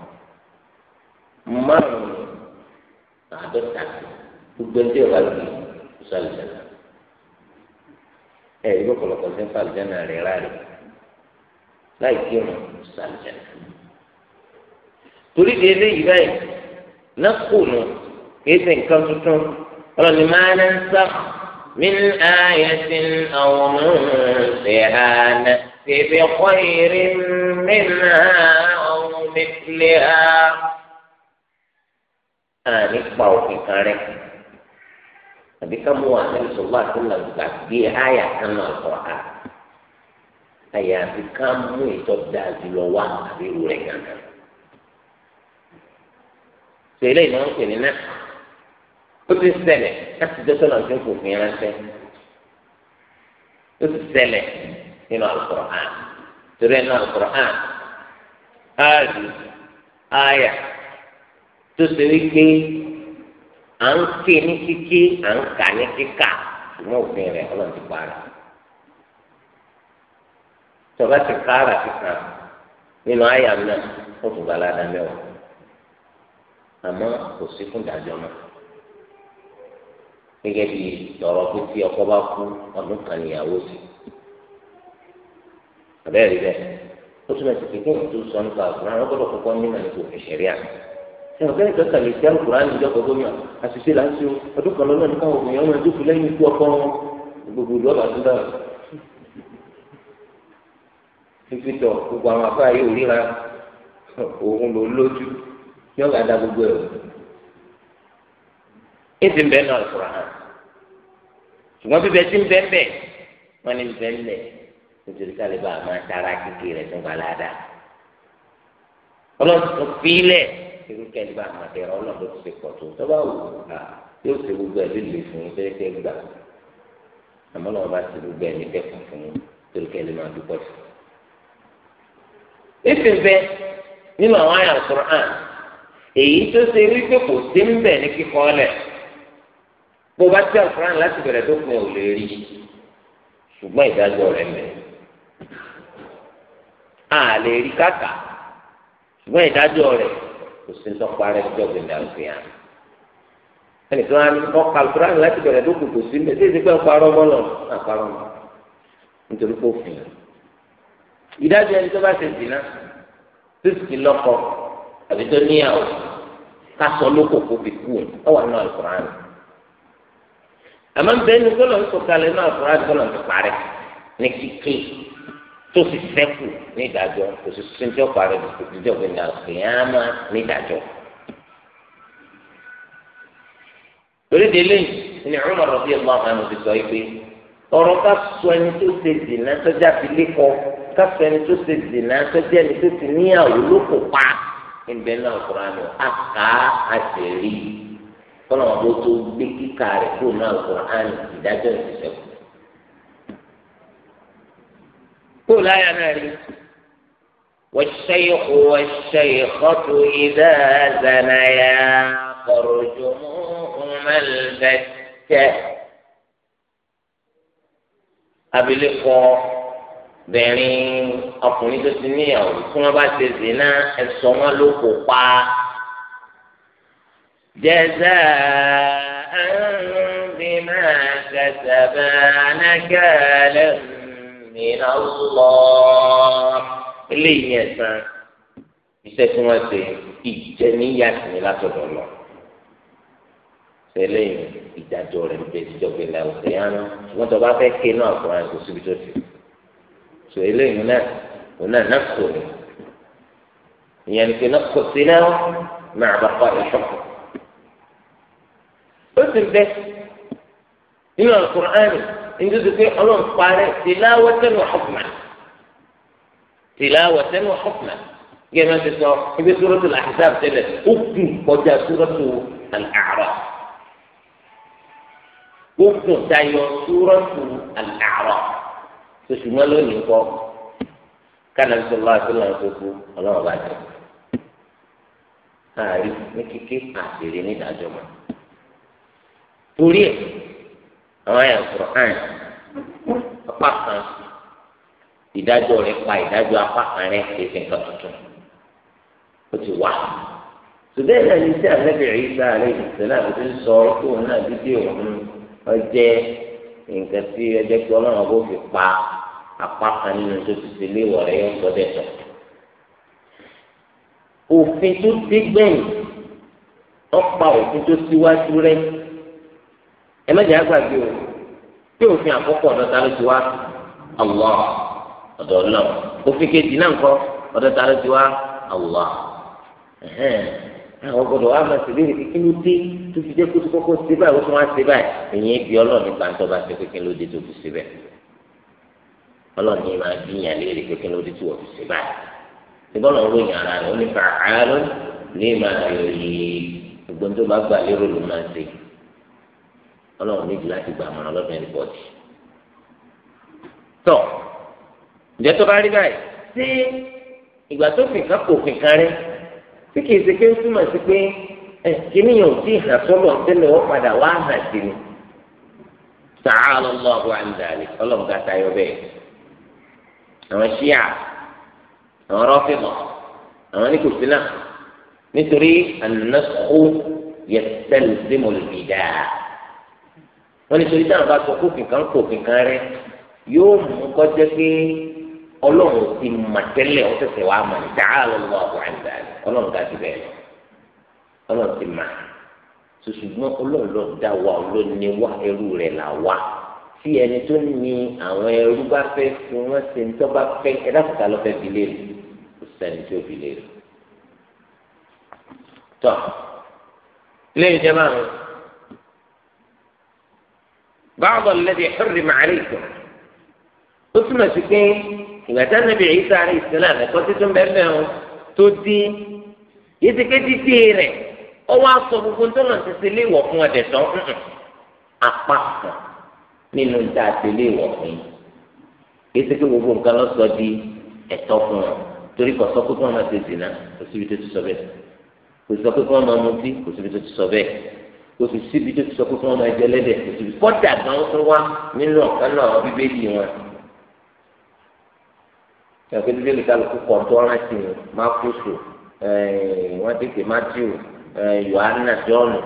márùn-ún àádọ́ta gbogbo ẹni tí yóò bá lò sọ àlùjáná ẹ ìlú ọ̀pọ̀lọpọ̀ sí ń fa àlùjáná rẹ̀ rárẹ̀ láì kírun sọ àlùjáná torí di eléyìí min ayatin awo mun بخير منها أو مثلها أنا أقبل في كارك أبي كم واحد صلى الله عليه وسلم بي آية كما القرآن أي أبي كم يتبدا زلوان أبي وريكا سيلي نوكي لنا كنت سنة أتدسل أن تنكو في نفسي كنت سنة nínú alukur'an torí ẹ̀ nínú alukur'an áàdì áyà tó ṣe wípé à ń ké ní kíké à ń kà ní kíkà ṣùgbọ́n òfin rẹ̀ ọlọ́run ti pa tọ́ba ti nínú náà ó mẹ́wàá àmọ́ kò sí fún náà gẹ́gẹ́ bí pé tí ọkọ àbẹ́rẹ́ rí bẹ́ẹ̀ ó túmọ̀ sí pé kéèyàn tó sọ nípa àkùrán wọn gbọ́dọ̀ kọ́kọ́ nímọ̀ nípa òfin ṣẹ̀ríà ẹ̀rọ bẹ́ẹ̀ tó kàlẹ́ sí àkùrán ní ìjọba gómìnà àṣìṣe là ń ṣe ọdún kan lọ́nà nípa òfin ọmọ ẹjọ́ fún lẹ́yìn ikú ọkọ wọn gbogbo ìlú ọba tó dára fífi tọ gbogbo àwọn afárá yóò ríra òun ló lójú yóò gàdá gbogbo ẹ̀ èsì ń bẹ́ẹ̀ náà àkùrán ṣùgbọ́n bíbẹ́ ti ń bẹ́ẹ̀ bẹ́ẹ̀ wọ́n ní bẹ́ẹ̀ nítorí káàlẹ́ bá a máa tara kékeré rẹ̀ fún balada ọlọ́run tó fílẹ̀ irú kẹ́lẹ́ bá a máa tẹ̀rọ ọlọ́run tó ti ṣe pọ̀ tó tó bá wù ú ká yóò ṣe gbogbo ẹ̀ líle fún yín bẹ́ẹ̀ tẹ́ gbà àmọ́ lọ́wọ́ bá ṣe gbogbo ẹ̀ ní dẹ́kun fún yín torí kẹ́lẹ́ máa dúpọ̀ sí i. ìfìfẹ́ nínú àwọn àyà Al-Qur'an èyí tó ṣe wípé kò sí ń bẹ̀ ní kíkọ́ lẹ̀ bó bá tẹ́ Al-Qur'an láti bẹ̀rẹ̀ tó fún ẹ̀ ò rí ṣùgbọ́n ìdájọ́ rẹ̀ mẹ́rin a lè rí kàkà ṣùgbọ́n ìdájọ́ rẹ̀ kò sí ńlọ́pọ̀ ara ẹ̀jọ́ gbẹ̀dẹ̀ àgbẹ̀yàn ẹnì kan á ní ọkà àlùkùránì láti bẹ̀rẹ̀ dókù kò sí mẹ́sẹ̀ èsì pé ọkọ̀ arọ́ mọ́lọ̀ àparọ́ mọ́ nítorí pé òfin ìdájọ́ ẹni tó bá ṣe dìná tó sì lọ́kọ àbí tó níyàwó ká sọ lóko kó fi kú ọ wà nínú àlùkùránì àmọ́ bẹ́ẹ̀ ni kọ́lọ̀ ń sọ kalẹ̀ nínú àlùkùránì kọ́lọ̀ ń parẹ́ ní kíkí tó sì sẹ́kù ní ìdájọ́ kò sì sí ní ọ̀pá rẹ̀ dídí ọ̀gbìn náà kìíyàmá ní ìdájọ́. torí délé ni Umar radiyallahu anhu ti sọ pé ọ̀rọ̀ ká sọ ẹni tó ṣe dìnnà sọ́jà fi lékọ ká sọ ẹni tó ṣe dìnnà sọ́jà ẹni tó ti níyàwó ló kò pa ìbẹ́ náà kúrò àná àká àṣẹ rí kọ́nà wọn bó tó gbé kíkà rẹ̀ kúrò náà kúrò àná ìdájọ́ ìṣẹ̀kù. kó láyà náà rí والشيخ والشيخة إذا زنيا فارجموهما البتة abilékọ bẹ̀rin ọkùnrin tó ti níyàwó tí wọ́n bá ṣe zina ẹ̀sọ́ wọn ló kó pa جزاء بما كسبا نكالا من الله eléyìí ẹ̀sán iṣẹ́ tí wọ́n ṣe ìjẹniyà sí ni látọ̀dọ̀ lọ. tẹ́lẹ̀ ìdájọ́ rẹ̀ ń bẹ síjọba ìlà òkè yánu ṣùgbọ́n tó bá fẹ́ ké náà kó ara kó síbi tó ti. sọ eléyìí náà òun náà náà sọ ni. ìyẹn ni pé náà kò sí náà máa bá pa ìṣọ̀kọ̀. ó sì ń bẹ nínú àkùrọ̀ ààrùn nítorí pé ọlọ́run parẹ́ tilawatan wa hukman tilawatan wa hukman gẹ́gẹ́ bí sọ ibi suratul ahzab tẹ́lẹ̀ ó kù kọjá suratul al-a'raf ó kù tayọ suratul al-a'raf sọ̀tùmọ́ lónìí kọ́ kánàbí sọ̀rọ̀ àti lọ́nà tó bá jẹ́ àárín ní kíkí àṣírí nídàájọ́ mọ́ torí ẹ̀ àwọn àyà kùrán apá kan ìdájọ́ rẹ̀ pa ìdájọ́ apá kan rẹ̀ kéfì nǹkan tuntun ó ti wà. ṣùgbọ́n ìlànà iṣẹ́ àlẹ́bẹ̀rẹ̀ ìṣe àlẹ́ ìṣẹ̀lẹ̀ àti sọ ikú náà dídí òun ọjẹ́ nǹkan tí ọjẹ́ pé ọlọ́run kò fi pa apá kan nínú tó ti fi léwọ̀ rẹ̀ yóò gbọ́dọ̀ tọ̀. òfin tó dé gbẹ̀yìn ọ̀pá òfin tó síwájú rẹ̀ ẹ má jẹ́ àgbàgbé o tí òfin àkọ́kọ́ ọ̀dọ̀ ta ló ti wá Allah ọ̀dọ̀ náà òfin kejì náà kọ́ ọ̀dọ̀ ta ló ti wá Allah àwọn gbọ́dọ̀ wà máa ṣèlérí kíkí ló dé tó fi jẹ́ kó tó kọ́kọ́ ṣe báyìí ó tún wá ṣe báyìí èyí bí Ọlọ́run nípa ń tọba ṣe kékeré ló dé tó fi ṣe bẹ́ẹ̀ Ọlọ́run ní máa bí ìyàn léèrè kékeré ló dé tó fi ṣe báyìí ṣùgbọ́n Ọlọ́run ròyìn ara rẹ̀ ó ní fàáàrọ̀ ní máa yọ yìí gbogbo tó bá gbà lérò ló máa ṣe ọlọ́run níbi láti gbà àmọ̀ràn lọ́dún ẹni bọ́ọ̀dì. tọ́ ǹjẹ́ tó bá rí báyìí sí ìgbà tó fìkan kò fìkan rẹ tí kìí ṣe pé ń túmọ̀ sí pé ẹ̀kíní yóò tí ì hàn sọ́lọ̀ tẹ́lẹ̀ wọ́n padà wá hàn sí ni. sàálọ̀ lọ́ọ̀bù àǹdàlẹ̀ ọlọ́run ká tayọ bẹ́ẹ̀. àwọn ṣíà àwọn rọ́fìmọ̀ àwọn ní kò sí náà nítorí ànàkó yẹ tẹ́lẹ̀ sí mọ̀lẹ́bí dáa wọn ní torí náà bá sọ kófin kan kófin kan rẹ yóò mú kọjá pé ọlọ́run ti mà tẹ́lẹ̀ ó tẹ̀sẹ̀ wá mà ní dáhà lọ́wọ́ àwọn àìdá rẹ ọlọ́run ká ti bẹ́ẹ̀ lọ ọlọ́run ti mà ṣùṣùgbọ́n ọlọ́run ló dá wa olóni wá ẹrú rẹ̀ là wá tí ẹni tó ní àwọn ẹrú bá fẹ́ fi wọ́n ṣe ń tọ́ fẹ́ ẹ lọ fẹ́ bi léèrè kò sẹ́ni tó bi léèrè tọ́ ilé ìjẹba mi báwo lẹ́bi ẹ̀rí màálí ìtàn ó túmọ̀ sí pé ìgbà tí anabi Isa alayhi salam ẹ̀kọ́ títún bẹ́ẹ̀ o tó dín yìí ti ké dídí rẹ̀ ó wá sọ gbogbo tó lọ sí sílé ìwọ̀ fún ọ̀dẹ̀ tán apá kan nínú tá a sílé ìwọ̀ fún yìí yìí ti ké gbogbo nǹkan lọ sọ di ẹ̀tọ́ fún ọ torí kò sọ pé kí wọ́n máa ṣe zina kò síbi tó ti sọ bẹ́ẹ̀ kò sọ pé kí wọ́n máa mutí kò síbi tó ti sọ bẹ́ẹ̀ kò sì síbi tó ti sọ pé kí wọ́n máa jẹ lẹ́dẹ̀ kò sì kọ́dà gan tó wá nínú ọ̀kan náà bíbélì wọn. ìyàgbé bíbélì kálukú kan tó rántí wọn mákòsò eh, wọ́n tètè matthew yohana jọ́ọ̀nù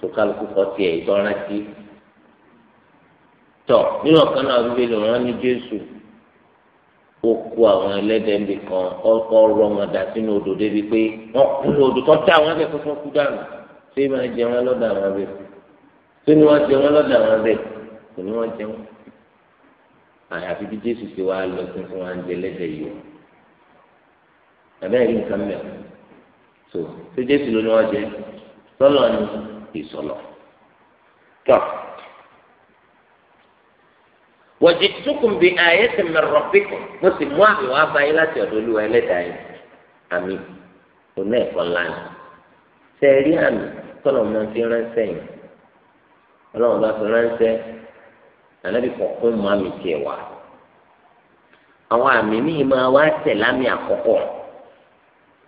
tó kálukú kan tiẹ̀ tó rántí. tọ nínú ọ̀kan náà bíbélì wọn ní jésù ó kó àwọn ẹlẹ́dẹ̀ níbi kan ọkọ̀ ọ̀rọ̀ wọn dà sínú odò débi pé wọ́n kú ní odò tó dá wọn lẹ́kọ̀ọ́ tó kú dànù ṣé máa jẹ wọn lọ́dọ̀ àwọn abẹ ṣé ni wọ́n jẹ wọn lọ́dọ̀ àwọn abẹ kò ní wọ́n jẹ wọn. àyàfi bí jésù ti wá lọ sí fún wa ń jẹ lẹ́dẹ̀ yìí o yìí nǹkan mẹ́ọ̀ tó ṣé jésù ló ní wọ́n jẹ sọ́lọ̀ ni ìsọ̀lọ̀ tọ́. wọ́jìtúkùn bí ayé ti mẹ̀rọ̀ pípọ̀ mo sì mú àmì báyìí láti ọ̀dọ̀ olúwa ẹlẹ́dàá yìí àmì òun ẹ̀kọ́ ńlá ni ṣe àmì tọ́lọ̀ náà fi ránṣẹ́ yìí ọlọ́run bá fi ránṣẹ́ ànábì kọ̀ọ̀kan mọ àmì tiẹ̀ wá àwọn àmì míì máa wá tẹ̀ lámì àkọ́kọ́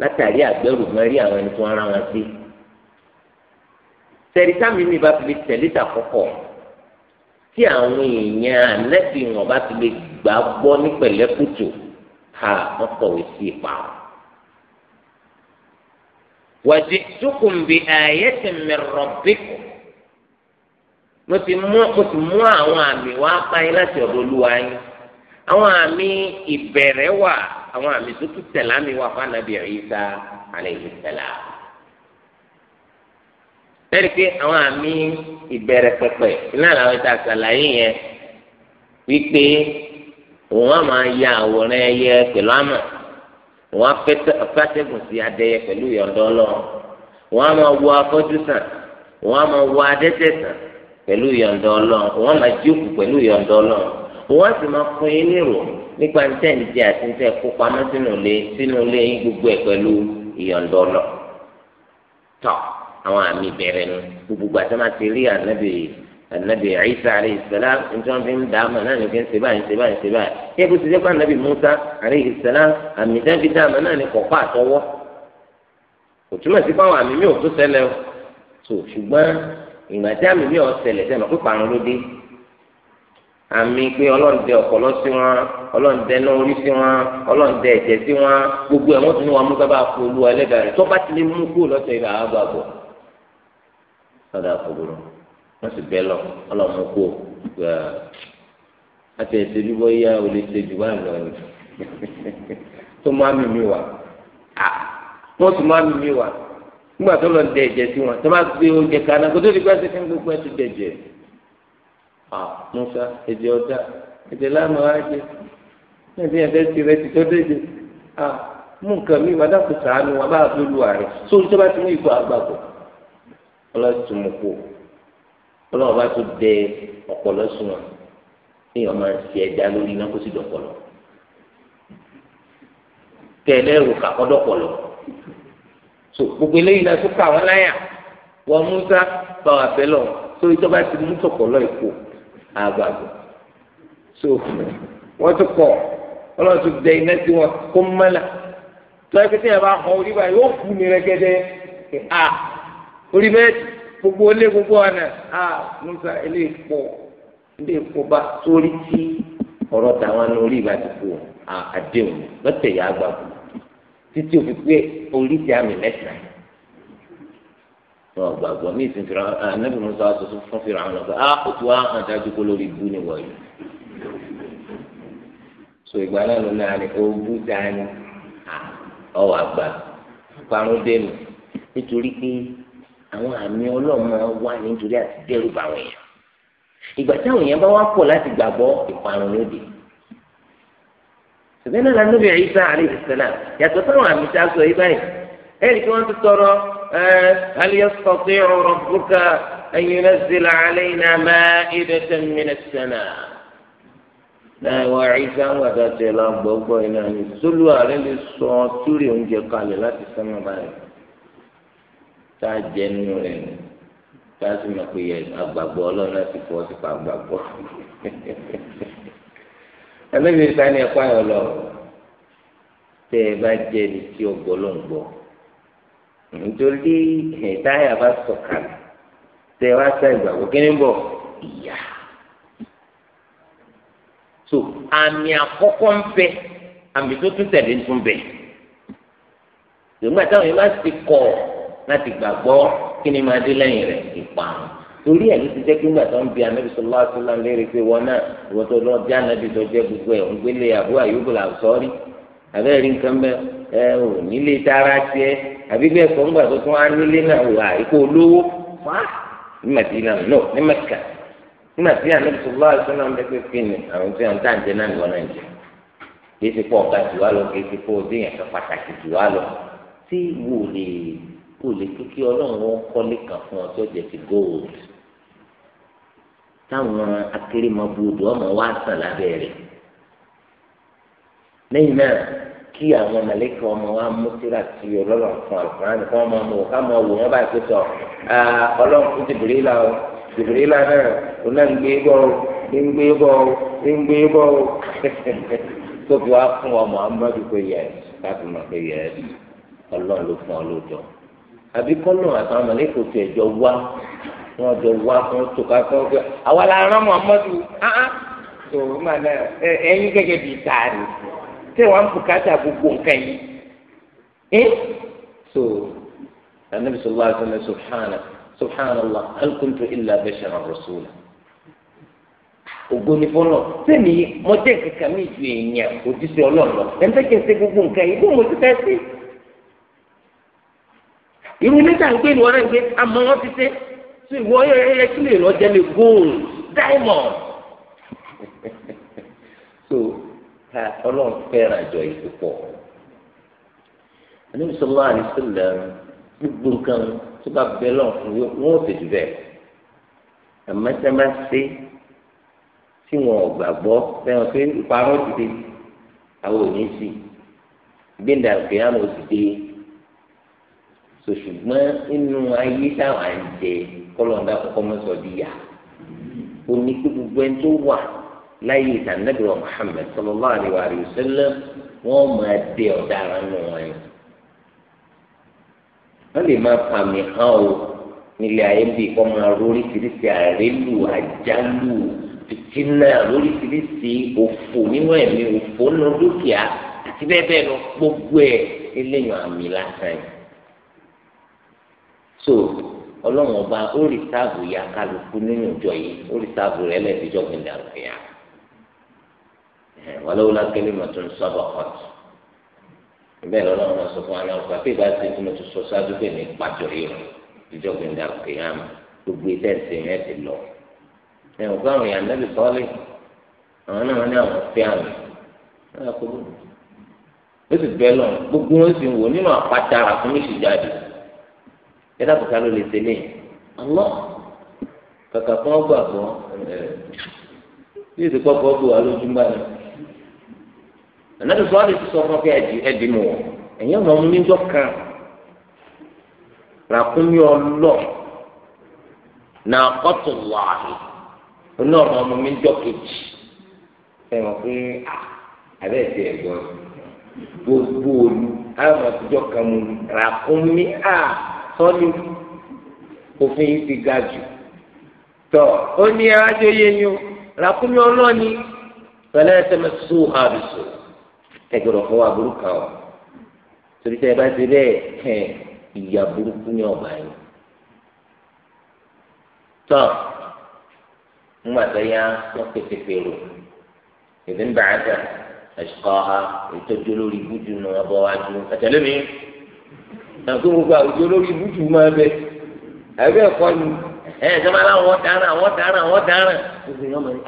látàrí àgbẹ̀rù mẹ́rí àwọn ẹni tó ń ra wọn sí tẹ̀rí sámi mi bá fi lè tẹ̀lé tàkọ́kọ́ tí àwọn èèyàn ànẹ́bì wọn bá fi lè gbàgbọ́ ní pẹ̀lẹ́kùtù ha wọ́n kọ̀wé sí ipa wọn wàjìtukùn bí ayẹsẹ mẹrọbíkù mo ti mú mo ti mú àwọn àmì wá báyìí láti ọ̀dọ̀ olúwa yín àwọn àmì ìbẹ̀rẹ̀ wà àwọn àmì tó tún tẹ̀lé àmì wà fún anabi Isa alayhi salam lẹ́yìn pé àwọn àmì ìbẹ̀rẹ̀ pẹ̀pẹ̀ iná làwọn ìta àṣàlàyé yẹn wípé òun á máa ya àwòrán ẹyẹ pẹ̀lú àmọ̀ wọn afẹ́tẹ́gùn sí adẹ́yẹ pẹ̀lú ìyọ̀ǹda ọlọ́run wọn a máa wo afọ́jú sàn wọn a máa wo adẹ́tẹ̀ sàn pẹ̀lú ìyọ̀ǹda ọlọ́run wọn a máa jí òkú pẹ̀lú ìyọ̀ǹda ọlọ́run wọn a sì máa fún yín nírò nípa níta ìdíje àti níta ẹ̀kó pamọ́ sínú ilé sínú ilé yín gbogbo ẹ̀ pẹ̀lú ìyọ̀ǹda ọlọ́run tọ́ àwọn àmì ìbẹ̀rẹ̀ nu gbogbo àti anabi Isa alayhi salam nítorí fi ń dà àmà náà nìkan ṣe báyìí ṣe báyìí ṣe báyìí kí ẹkú ti dẹ́kun anabi Musa alayhi salam àmì dábì dà àmà náà ní kọ̀ọ̀kọ́ àtọwọ́ kò túmọ̀ sí fáwọn àmì mi ò tó ṣẹlẹ̀ o tó ṣùgbọ́n ìgbà tí àmì mi ò ṣẹlẹ̀ sẹ́nu pé parun ló dé àmì pé ọlọ́ọ̀dẹ ọ̀pọ̀lọ́ sí wọn ọlọ́ọ̀dẹ náà orí sí wọn ọlọ́ọ̀dẹ ẹ̀jẹ̀ sí wọn gbogbo ẹ̀ wọ́n tún ní wọn mú sábà fún olúwa ẹlẹ́dàá rẹ̀ tó bá ti lè mú kúrò lọ́sẹ̀ ìlà àbàbọ̀ lọ́dà fòdúró wọ́n sì bẹ́ lọ ọlọ́mọ kú ọ́ àti ẹ̀sẹ̀ bí wọ́n yá o lè ṣe jù wá lọ ni tó máa mi mi wá wọ́n tún máa mi mi wá nígbà tó lọ dẹ ẹ̀jẹ̀ sí wọn tó máa gbé oúnjẹ kaná kó tó di pé ẹsẹ̀ fún gbogbo ẹ̀ tó à musa ẹ̀jẹ̀ ọ̀dà ẹ̀jẹ̀ lánàá wá jẹ ẹ̀jẹ̀ ẹ̀fẹ́ ti rẹ ti tó dé jẹ à mú nǹkan mi wá dákun sàánú wa bá a fi lu ààrẹ sóun tó bá ti mú ìfọ àgbàgbọ ọlọ́sùn ọlọ́run bá tún dẹ ọ̀pọ̀lọ́ sùn wọn ní ọmọ ẹ̀sìn ẹ̀dá lórí iná kó sì dọ̀pọ̀lọ́ tẹ̀lé ẹ̀rù kàkọ́dọ̀pọ̀lọ́ so gbogbo eléyìí la tún kà wọ́n láyà wọ́n Musa bá wà bẹ́ lọ so ìjọba ti mú tọ̀pọ̀lọ́ ìkó àgbàgbọ́ so wọ́n tún kọ̀ ọlọ́run tún dẹ iná sí wọn kó mọ́lá tọ́ ẹgbẹ́ tí yẹn bá hàn orí báyìí ó fún mi rẹ́gẹ́dẹ́ ah orí bẹ́ẹ̀ gbogbo ilé gbogbo ọ̀nà a musa ilé ìpò ilé ìpò bá sórí tí ọ̀rọ̀ tàwọn orí ìbàdí kù àdéhùn lọ́tẹ̀ yà á gbà kú títí o fi pé orí ti àmì mẹ́ta wọn gbàgbọ́ ní ìsìn fìrà ànábì musa sọ fún fìrà àwọn ọ̀gá a ó ti wá hàn dájú kó lórí ibú ni wọ̀nyí so ìgbà náà ló náà ní ogún dání ọwọ́ àgbà parun dénú nítorí pé àwọn àmì ọlọ́mọ wá nítorí àti dẹ́rù bá àwọn èèyàn ìgbà táwọn èèyàn bá wá pọ̀ láti gbàgbọ́ ìparun lóde ṣùgbọ́n náà lánàá bẹ̀rẹ̀ Isa alayhi salam yàtọ̀ táwọn àmì tá a sọ yìí báyìí ẹ̀rì kí wọ́n ti tọrọ hal yastati'u rabbuka an yunazzila alayna ma'idatan min as-sama' náà wọ́n Isa ń wà dáadáa lọ gbọ́gbọ́ iná ni sólùwà rẹ̀ lè sọ túrì oúnjẹ kalẹ̀ láti sánmà tá a jẹ nínú rẹ̀ nù tá a sì mọ̀ pé agbàgbọ́ ọlọ́run náà ti fọ́ sípa agbàgbọ́ ẹlẹ́bi sani ẹ̀kọ́ ayọ̀ lọ tẹ́ ẹ bá jẹ́ ẹni tí ó ló ń gbọ́ nítorí táyà bá sọ̀kalẹ̀ tẹ́ ẹ wá sá ìgbàgbọ́ kí ni bọ̀ ìyá so àmì àkọ́kọ́ ń bẹ àmì tó tún tẹ̀lé ń tún bẹ ìgbà táwọn yìí bá ti kọ̀ ọ́ láti gbàgbọ́ kí ni máa dé lẹ́yìn rẹ̀ ìparun torí ẹ̀ ló ti jẹ́ kí ńgbà tó ń bi anabi sallallahu alaihi wasallam léèrè pé wọn náà ìwọ tó lọ bí anabi tó jẹ́ gbogbo ẹ̀ ń gbélé àbú àyùbù là sọ́ọ́rí àbẹ́ rí nǹkan bẹ́ẹ̀ ẹ ò nílé tara tiẹ̀ àbí bẹ́ẹ̀ kọ́ ńgbà tó tún á nílé náà wà ikú olówó fà á ní Madina no ní Mẹ́kà ní Madina anabi sallallahu alaihi wasallam bẹ́ẹ̀ pé kí ni àwọn tí wọn dáǹjẹ náà níwọ̀n náà jẹ kí ti pọ̀ ọ̀gá kò lè kí kí ọlọ́run wọn kọ́lé kan fún ọ tí ó jẹ ti gold táwọn akérèmọbòdò ọmọ wa sàn lábẹ́ rẹ̀ lẹ́yìn náà kí àwọn mẹlẹkẹ ọmọ wa mú síra sí ọlọ́run fún àlùfáàní kí wọn máa mú ká máa wò wọn báyìí pé sọ ọlọ́run fún jìbìrì là ó jìbìrì là náà ó náà ń gbé bọ ó ń gbé bọ ó ń gbé bọ ó tó fi wá fún ọmọ amadu pé yẹ káfíńmọ pé yẹ ọlọ́run ló fún ọ lóòótọ́ àbí kọ́nà àtàwọn mọ̀lẹ́kọ̀ọ́ tiẹ̀ jọ wá wọn jọ wá fún tòkà fún ọgbẹ́ àwa la rán muhammadu hàn tó máa náà ẹyin gẹ́gẹ́ bíi tààrí tí wọ́n ń bùkátà gbogbo nǹkan yìí ẹ́ so anabi sọlá àtúnṣe subhana subhanallah hal kuntu illa basharan rasula ògbóni fọlọ sẹni mo jẹ kankan mi ju èèyàn òjíṣẹ́ Ọlọ́run lọ ẹ ń gbogbo nǹkan yìí bó mo ti fẹ́ sí irú níta ń pè ní ọ̀rẹ́ ń pé àmọ́ wọn ti ṣe tí ìwọ ẹyẹ kí lè lọ jẹlé gold diamond so Ọlọ́run fẹ́ràn àjọ yìí púpọ̀ Ànábì sallallahu alaihi wasallam gbogbo nǹkan tó bá bẹ lọ fún yóò wọn ò tètè bẹ àmọ́ tí a máa ṣe tí wọn ò gbàgbọ́ fẹ́ràn pé ìparọ́ ti dé àwọn ò ní sí gbẹ̀ndà ìgbéyàwó ti dé so ṣùgbọ́n inú ayé táwọn à ń jẹ kọlọ́ọ̀dà kọ́kọ́ mọ́sọ̀ di yà ó ní kí gbogbo ẹni tó wà láyé ìtànẹ́bìrọ̀ Muhammad sallallahu alaihi wa sallam wọ́n máa dé ọ̀daràn nù wọn yẹn wọ́n lè máa pàmì hàn o nílé ayé ń bí kọ́ máa róríṣiríṣi àrélù àjálù fìtínà róríṣiríṣi òfò nínú ẹ̀mí òfò nínú dúkìá àti bẹ́ẹ̀ bẹ́ẹ̀ lọ gbogbo ẹ̀ eléyàn àmì lásán yìí so ọlọ́run ọba ó rí sáàbù ya kálukú nínú ìjọ yìí ó rí sáàbù rẹ lẹ́ẹ̀dẹ́jọ́ gbìndà rẹ̀ wọ́n lọ́wọ́ lákẹ́lẹ́ mọ̀ tó ń sọ́bọ̀ kọ́tù bẹ́ẹ̀ lọ́lọ́run náà sọ fún wa náà pàtó ìbá ti tí mo ti sọ sáájú pé ní pàjọ yìí ìjọ gbìndà kìyàmù gbogbo iṣẹ́ ìsìn yẹn ti lọ. ẹ ò gbọ́ àwọn èèyàn náà lè sọ́ọ́lé àwọn náà ní àwọn fẹ́ àmì ó sì bẹ́ẹ̀ lọ gbogbo wọn sì wò nínú àpáta àkúnmíṣì ẹ dàpọ̀ ká ló lè ṣe léyìn ọlọ́ kàkà fún ọgbà gbọ́ ẹ bí ètò pọ̀pọ̀ bò wá lójú ni ànábì sọ àdìsí fún ọkẹ ẹdì mọ ẹ̀yìn ọmọ mi níjọ kan ọlọ nà ọtún wàhí oní ọmọ mi níjọ kejì ẹ pé gbogbo olú àwọn ọmọ àsọ́lù òfin yìí ti ga jù tọ ó ní ẹwájú yé ni o ràkúnmí ọlọ́ni pẹ̀lú ẹsẹ̀ mi sùn àbùsùn ẹgbẹ̀rún fún wa burúkú àwọn torí tẹ́ ẹ bá ti bẹ́ẹ̀ ẹ̀ ìyá burúkú ní ọ̀bà yìí tọ́ ńgbà tó yá wọ́n pèsè pèrò ìdí ń bàá dà ẹ̀ṣọ́ ha ètò ìdólórí ibùdó ní wọn wájú ẹ̀tẹ̀lẹ́mi àti gbogbo àwùjọ lórí ibùdó máa bẹ àbẹ ẹkọ ni ẹ ẹ sọmọ aláwọ dáràn àwọn dáràn àwọn dáràn gbogbo yẹn ọmọ yẹn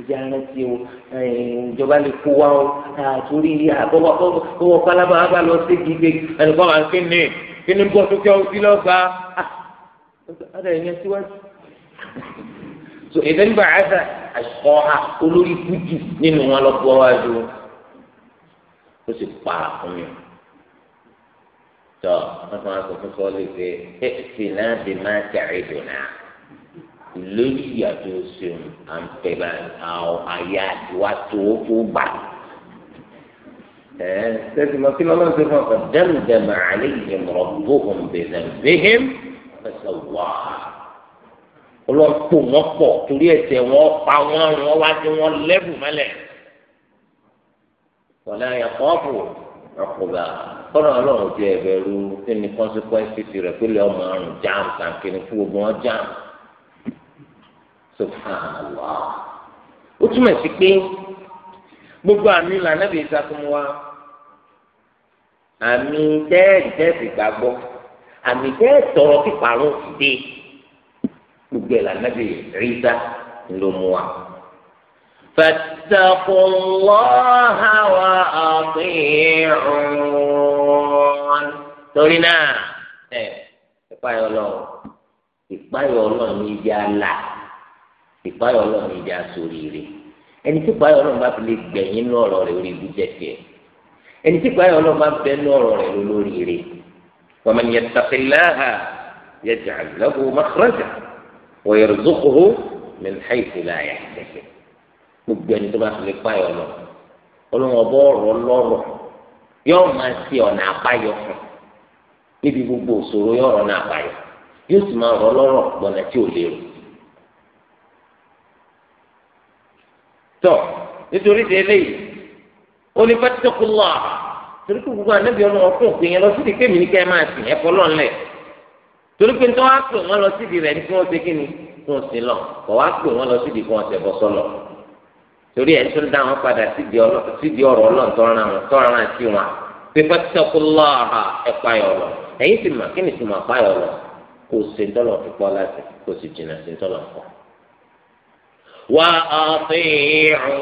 ìjà ara ti o ìjọba lè kó wa o àtúrí àbọwọ pálábà wà bá lọ sí gbígbé ẹnìkan wà kí ni kí ni bọ́ sókè ọtí lọ́gbà ọ̀dà ìyẹn síwájú. so ìdá nígbà àṣà àṣọ ha olórí kújù nínú wọn lọ bọ́ wájú ó sì pa àkúnyàn tọ wọn fún wa sọ fún sọlẹ pé ẹ sì náà bí má tẹ̀rí dùnà lórí ìyàtọ̀ ṣeun à ń pè bá àwọn àyà àtiwá tó o tó gbà. ẹ sẹ́sì mọ́ kí lọ́lọ́ ṣe fún ọ dẹ́mdẹ́mà àlẹ́yìn rọ̀bùhùn bẹ̀rẹ̀ bẹ́hẹ́m fẹsẹ̀ wá. ọlọ́pọ̀ wọn pọ̀ torí ẹ̀ṣẹ̀ wọn pa wọn wọn wá sí wọn lẹ́bù mẹ́lẹ̀. wọ́n náà yẹ kọ́ fún ọkùnrin kọ́nà ọlọ́run ti ẹ̀bẹ̀rù kí ni consequences rẹ̀ pé lè ọmọ àrùn jam kàkiri fún ogun ọ jam subhanallah ó túmọ̀ sí pé gbogbo àmì ìlànà bíi ìsàkùn wa àmì tẹ́ẹ̀tì tẹ́ẹ̀tì gbàgbọ́ àmì tẹ́ẹ̀tọ̀rọ̀ píparun ti dé gbogbo ìlànà bíi ríta ló mú wa. فاتقوا الله وأطيعون تورينا ìpáyọ Ọlọ́run ìpáyọ Ọlọ́run ní ìdí àlà ìpáyọ Ọlọ́run ní ìdí àsoríire ẹni tí ìpáyọ Ọlọ́run bá fi lè gbẹ̀yìn ní ọ̀rọ̀ rẹ̀ orí ibùjẹ tiẹ̀ ẹni tí ìpáyọ Ọlọ́run bá bẹ ní ọ̀rọ̀ rẹ̀ lóríire ومن يتق الله يجعل له مخرجا ويرزقه من حيث لا يحتسب gbogbo ẹni tó bá fi lè fáyọ lọ ọlọ́wọ́n bọ́ ọ̀rọ̀ lọ́rọ̀ yóò máa ṣe ọ̀nà àbáyọ fún níbi gbogbo òṣòro yóò rọ̀ ọ̀nà àbáyọ yóò sì máa rọ̀ lọ́rọ̀ gbọ̀nà tí ò lérò. tọ́ nítorí ti eléyìí ó ní fẹ́tẹ́kùlá torí pé gbogbo ànábì ọmọ ọkùn òpin yẹn lọ sí ìdíkẹ́ mi ní kẹ́ máa sìn ẹ̀kọ́ lọ́nlẹ̀ torí pé nítorí wọ́n á pè wọ́n lọ síbi rẹ̀ ní kí wọ́n ṣe kí ni kí wọ́n sin lọ torí ẹ̀ tún dá wọn padà sídìí ọ̀rọ̀ ọlọ́run tọ́ran wọn tọ́ran sí wọn pípa tẹ́kù lọ́ọ̀ha ẹ̀pá yọ̀ lọ ẹ̀yìn sì mà kí ni sì mà pa yọ̀ lọ kò sí ntọ́lọ̀ fipọ́ láti kò sì jìnnà sí ntọ́lọ̀ pọ. wà á fi hàn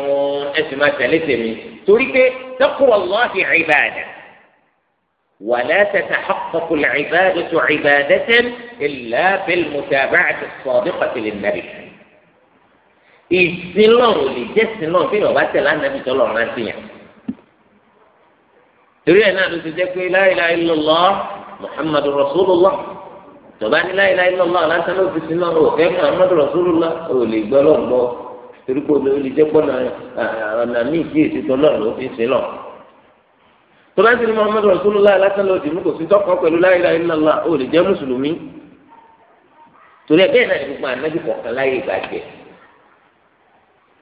ẹ̀sìn máa tẹ̀lé tèmi torí pé tẹ́kù ọlọ́ọ̀hìn ìbàdà ولا تتحقق العبادة عبادة إلا بالمتابعة الصادقة للنبي ìsinlọ́run lè jẹ́ sinlọ́run bí ọba tẹ̀ lánàbí tọ́lọ̀ rántí yẹn. torí ẹ̀ náà ló ti jẹ́ pé la ilaha illallah rasulullah tọ́ba ní la rasulullah ò lè gbọ́ lọ́n torí pé olè olè jẹ́ ọ̀nà míì kí èsì tọ́lọ̀ ló fi tọ́ba ti ní rasulullah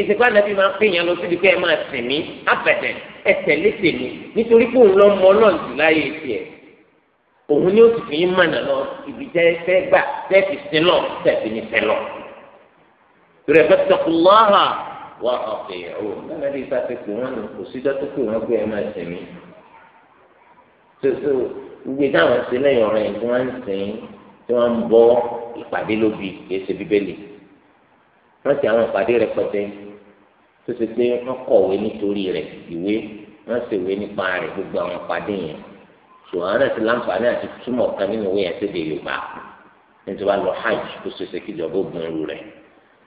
ìsìnkú ànábì máa ń pè yẹn lọ síbi pé ẹ máa sìn mí àbẹ̀dẹ̀ ẹ tẹ̀lé tèmi nítorí pé òun lọ mọ náà jù láyé tiẹ̀ òun ni ó sì fi yín mọ̀nà lọ ibi tẹ́ ẹ fẹ́ gbà tẹ́ fi sin lọ tẹ́ fi ní fẹ́ lọ. rẹ̀ fẹ́ tẹ̀kù lọ́hà wà ọ̀pẹ̀ ìhò lẹ́nàdí ìta ti pè wọ́n kò sí dọ́tún pé wọ́n gbé ẹ máa sìn soso gbogbo táwọn sí lẹ́yìn ọ̀rọ̀ yẹn tí wọ́n ń sìn tí wọ́n ń bọ́ ìpàdé lóbi kì í ṣe bíbélì wọ́n ti àwọn ìpàdé rẹpẹtẹ tó ṣe pé wọ́n kọ̀wé nítorí rẹ̀ ìwé wọ́n sì wé nípa rẹ̀ gbogbo àwọn pàdé yẹn ṣùgbọ́n àwọn ẹ̀sìn láǹfààní àti túmọ̀ kan nínú ìwé yẹn ti dè yorùbá nítorí wàá lọ hajj tó ṣe ṣe kíjọba ogun ru rẹ̀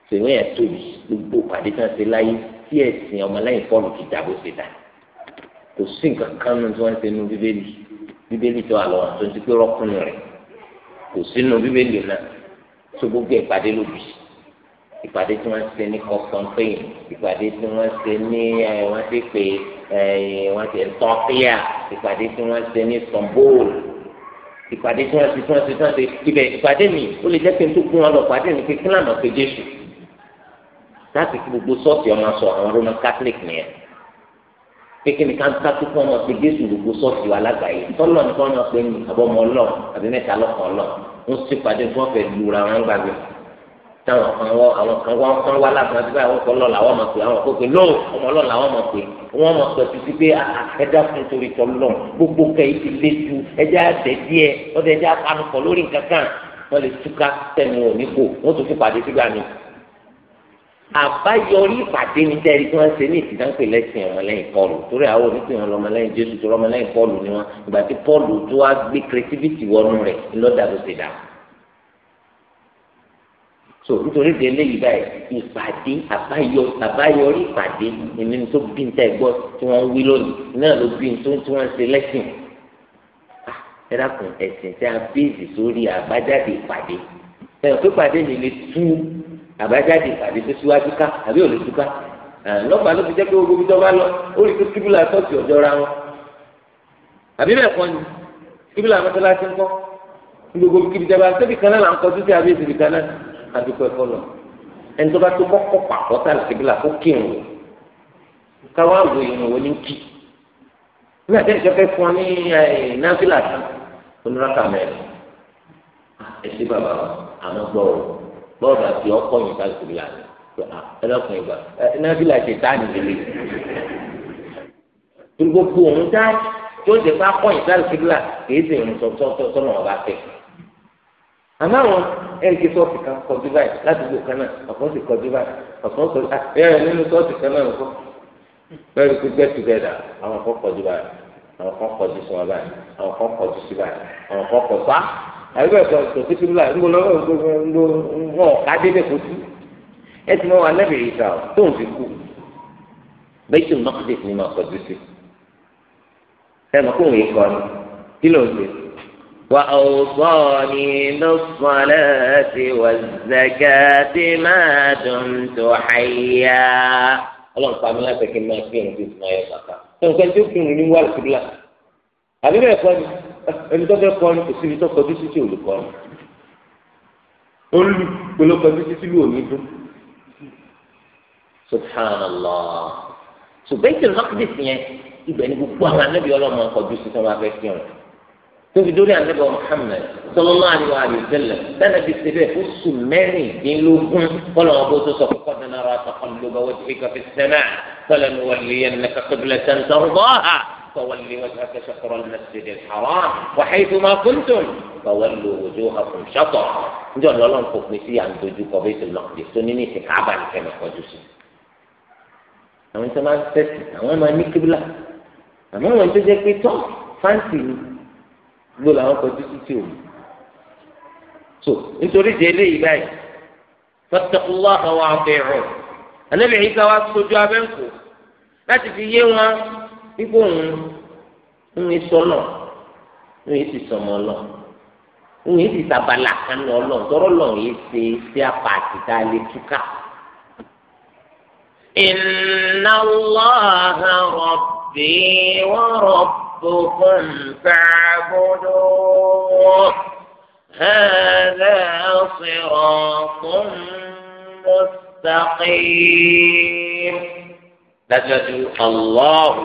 ṣèwé yẹn tóbi gbogbo pàdé kan ṣe láyé tí ẹ̀sìn ọmọlẹ́yìn pọ́ọ̀lù ti dàbò ṣe dà kò sí nǹkan kan nínú tí wọ́n ṣe nínú bíbélì bíbélì tó àlọ́ àtúntí pé rọ́kùnrin rẹ̀ kò sínú bíbélì náà tó gbogbo ìpàdé lóbi sí ìpàdé tí wọ́n ṣe ní Constantine ìpàdé tí wọ́n ṣe ní eh, wọ́n ti pè eh, wọ́n ti tọ́kíà ìpàdé tí wọ́n ṣe ní Istanbul ìpàdé tí wọ́n ṣe tí wọ́n ṣe tí wọ́n ṣe ibẹ̀ ìpàdé mi ó lè jẹ́ pé n tó gún wọn lọ pàdé mi pé kílànà pé Jésù láti fi gbogbo sọ́ọ̀tì ọmọ sọ àwọn Roman Catholic nìyẹn pé kí ni ká ká tó fún ọmọ pé Jésù gbogbo sọ́ọ̀tì wa lágbàáyé tọ́lọ̀ nìkan ọmọ pé àbọ̀mọ́ ọlọ́ọ̀ àbí mẹ́ta lọ́kàn ọlọ́ọ̀ ń ṣèpàdé fún ọ̀fẹ́ lura wọn gbàgbé táwọn kan wọ àwọn kan wọ kan wá láti wọn ti báyìí wọn kọ lọ làwọn máa pè àwọn kò pé lọ ọmọ lọ làwọn máa pè wọn máa pè títí pé ah, ah, ẹ̀dá fún torí tọ lọ gbogbo kẹyì ti lé ju ẹ̀dá àtẹ díẹ̀ ọdẹ ẹ̀dá apanukọ lórí nǹkan kan wọn lè túká tẹnu òní kò wọn tún fi pàdé sígbà mi. àbáyọrí ìpàdé ní tẹ́rì tí wọ́n ṣe ní ìtìdánpẹ̀ lẹ́sìn ọmọlẹ́yìn pọ́ọ̀lù torí àwọn onípìn ọmọlẹ́yìn jésù torí ọmọlẹ́yìn pọ́ọ̀lù ni wọ́n ìgbà tí pọ́ọ̀lù tó wá gbé creativity wọnú rẹ̀ lọ́dà tó ti dà so nítorí de eléyìí báyìí ìpàdé àbáyọ àbáyọrí ìpàdé ìnínú tó bí níta ẹgbọ tí wọn ń wí lónìí náà ló bí nítorí tí wọn ń ṣe lẹsìn ah, ẹ dákun ẹsìn tí a bèèzì sórí àbájáde ìpàdé ẹnì pé ìpàdé mi lè tú àbájáde ìpàdé tó síwájú ká àbí ò lè tú ká ah, lọ́pàá ló fi jẹ́ pé gbogbo ibi tó bá lọ ó rí pé kíbílà tọ́sí ọ̀jọ́ ra wọn àbí bẹ́ẹ̀ kọ́ ni kíbílà mọ́tọ́lá ti ń kọ́ gbogbo kíbi tẹ́ bá kan náà là ń kọjú sí àbí èsì adúpẹ́ fọlọ́ ẹni tó bá tó kọ́kọ́ pàkọ́ tá àlùkìbílà kó kírun wò káwá wò ìrìn wò ní kí ní àtẹ̀jọ́ fẹ́ fún ọ ní náfìlà tán oníraka mẹ́rin ẹsẹ bàbá wa àmọ́ gbọrọ gbọrọ àti ọkọ yìí ká sùn yà ni ẹlọkùn ìgbà náfìlà ṣe tá nìyẹlẹ gbogbo òun dá tí ó jẹ fún akọyìn sáré fìlà kì í sì ń sọ sọ sọ sọ náà ọba tẹ àmọ́ àwọn ẹ̀ẹ́dì sọ́ọ̀tì kan kọjú báyìí ládùúgbò kan náà ọ̀kan sì kọjú báyìí ọ̀kan sọ ah, ẹ̀ẹ́ nínú sọ́ọ̀tì kan náà nǹkan bẹ́ẹ̀ kó gbẹ́ tùgẹ́dà àwọn kan kọjú báyìí àwọn kan kọjú sí wọn báyìí àwọn kan kọjú sí báyìí àwọn kan kọ sá àbíbẹ̀ sọ tòkí tí bíláà ńgbọ́ lọ́wọ́ ọ̀ká débẹ̀ kó tú ẹ ti mọ wọn alẹ́ bèrè ìta tó ń fi kú bẹ́ẹ̀ tí وأوصاني بالصلاة والزكاة ما دمت حيا الله تعالى لا تكن ما فيه في اسماء الزكاة تنو كان تيوك تنو نمو على كبلا هذا ما يقول ẹni tó fẹ́ kọ́ ni kò síbi tó kọjú sí tí ò lè kọ́ ni olú pẹ̀lú kọjú sí tí lù òní dún subhanallah ṣùgbọ́n ìtìlọ́kùnrin yẹn ibẹ̀ ni gbogbo àwọn anábìyàn ọlọ́mọ kọjú sí tí wọ́n bá fẹ́ fi hàn. tóbi dórí ànábọ̀ Muhammad sallallahu alaihi wa sallam tánàbí sẹbẹ̀ oṣù mẹ́rìndínlógún kọ́lọ̀ wọn bó tó sọ kọ́kọ́ dáná ra taqalluba wajhika fi as-sama' falanuwalliyannaka qiblatan tardaha fawalli wajhaka shatra al-masjid al-haram wa haythuma kuntum fawallu wujuhakum shatrahu njọ́ lọ́lọ́n kò pín sí àǹdojú kọ́ bẹ́ẹ̀ tó lọ́kùnrin tó ní ní ìsìnkàbà nìkẹ́ mẹ́kọ́jú sí. àwọn tó máa ń tẹ̀sí àwọn máa ní kíbla àmọ́ àwọn tó jẹ́ pé tọ́ fáǹtì ni gbogbo làwọn kọjú sí o so nítorí di eléyìí báyìí fọtẹkùlá àwọn afẹ́rọ ànábì yìí ká wá sojú abẹ́ǹkò láti fi yé wọn wípé òun ń mi sọnà ń yìí ti sọmọ lọ ń yìí ti sàbàlà kan lọ tọrọ lọ yìí ṣe sí apàtì tá a lè túká. إن الله ربي وربكم ربكم فاعبدوه هذا صراط مستقيم دجاج الله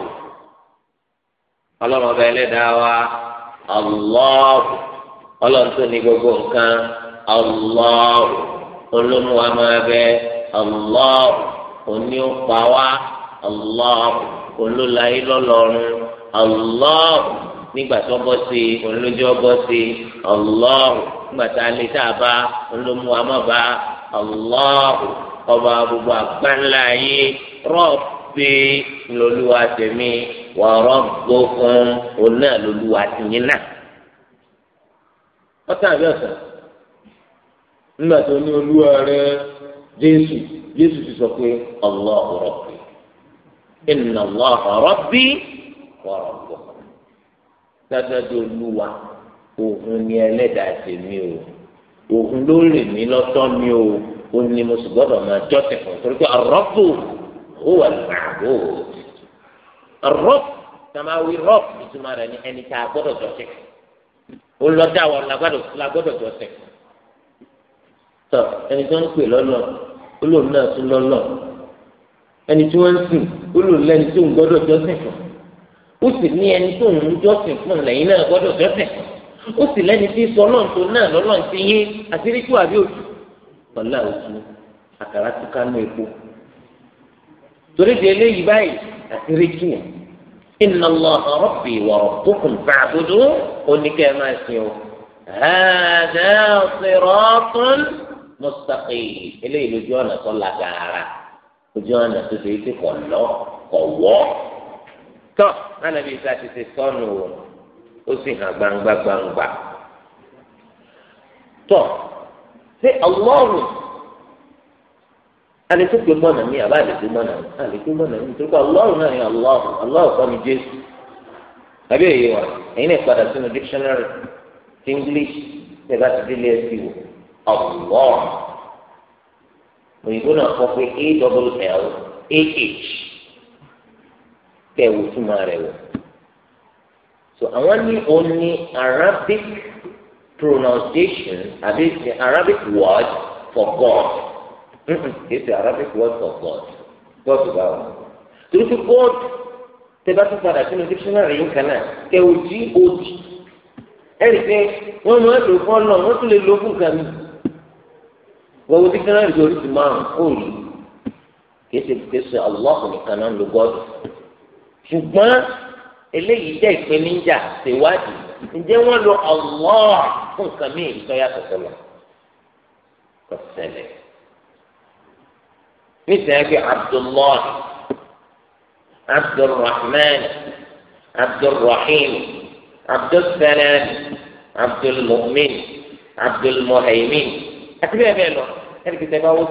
الله ما بين الله الله أنت نقول الله كل ما به الله ونيو الله olólayé lọlọrun Allah nígbà tó bọ́ sí olójú ọbọ̀ sí Allah nígbà tá a lè tá a bá olómú amọ́ba Allah ọba gbogbo àgbáńlá yìí rọ́ọ̀bì lọ́lúwa tèmi wà rọ́ọ̀gbọ́kùn òun náà lọ́lúwa tìyín náà. wọ́n tàn àbí ọ̀sán nígbà tó ní olúwa rẹ jésù jésù ti sọ pé Allahu rabbi inna Allah rabbi wọ́rọ̀ bọ̀. Dájọ́jú olúwa, òun ni ẹlẹ́dàá tèmi o, òun ló rè mí lọ́tọ́ mi o, òun ni mo sì gbọ́dọ̀ máa jọ́sìn fún torí pé àrọ́pù ó wà làbò. Àrọ́pù sàmáwí rọ́pù ìtumọ̀ rẹ̀ ni ẹni tá a gbọ́dọ̀ jọ́sìn. Ó lọ dá wọn lágbọ́dọ̀ jọ́sìn. Tọ́ ẹni tó ń pè lọ́nà olóòórùn náà tún lọ́nà ẹni tí wọ́n ń sìn olóòórùn lẹ́ni tí òun gbọ́dọ̀ jọ́sìn fún ó sì ní ẹni tó ń jọ́sìn fún lẹ́yìn náà gbọ́dọ̀ jọ́sìn ó sì lẹ́ni tí sọ ọlọ́run tó náà lọ́lọ́run ti yín àṣírí tú àbí òtù ọ̀là òtù àkàrà tú kánú epo torí di eléyìí báyìí àṣírí tú inna Allaha rabbi wa rabbukum fa'budu oníkẹ́ máa ṣe o hādhā ṣirāṭun mustaqīm eléyìí lójú ọ̀nà tó lágara lójú ọ̀nà tó tán anabi isa ti ṣe sọnù o ó sì hàn gbangba gbangba tọ ṣé ọlọ́run alẹ́tọ́gbẹ́ mọ́nà mi àbá alẹ́tọ́gbẹ́ mọ́nà mi alẹ́tọ́gbẹ́ mọ́nà mi torí pé ọlọ́run náà ni ọlọ́run ọlọ́run kọ́ ni jésù àbí èyí wa èyí náà padà sínú dictionary ti english ṣe bá ti délé ẹsì wò ọlọ́run òyìnbó náà kọ́ pé a double l a h kẹwò túmọ̀ rẹ̀ wò so àwọn ní òun ní Arabic pronunciation àbí Arabic word for God kìí ṣe Arabic word for God God báwo torí pé God tẹ́bá tún padà sínú dictionary yìí kan náà kẹwò jí ojì ẹ̀rí pé wọ́n máa lò fún ọlọ́run wọ́n tún lè lò fún kàmí gbogbo dictionary yìí oríṣi márùn-ún ó rí kìí ṣe kìí ṣe Allah nìkan náà ń lo God ṣùgbọ́n eléyìí jẹ́ ìpèníjà ṣèwádìí ǹjẹ́ wọ́n lo Allah fún nǹkan mí ìtọ́ yàtọ̀ sọ́lọ̀ kò ṣẹlẹ̀ nísìnyí pé Abdullah Abdulrahman Abdulrahim Abdulsalam Abdulmumin Abdulmuhaimin àti bẹ́ẹ̀ bẹ́ẹ̀ lọ ẹni kìí sẹ́ bá wọ́n.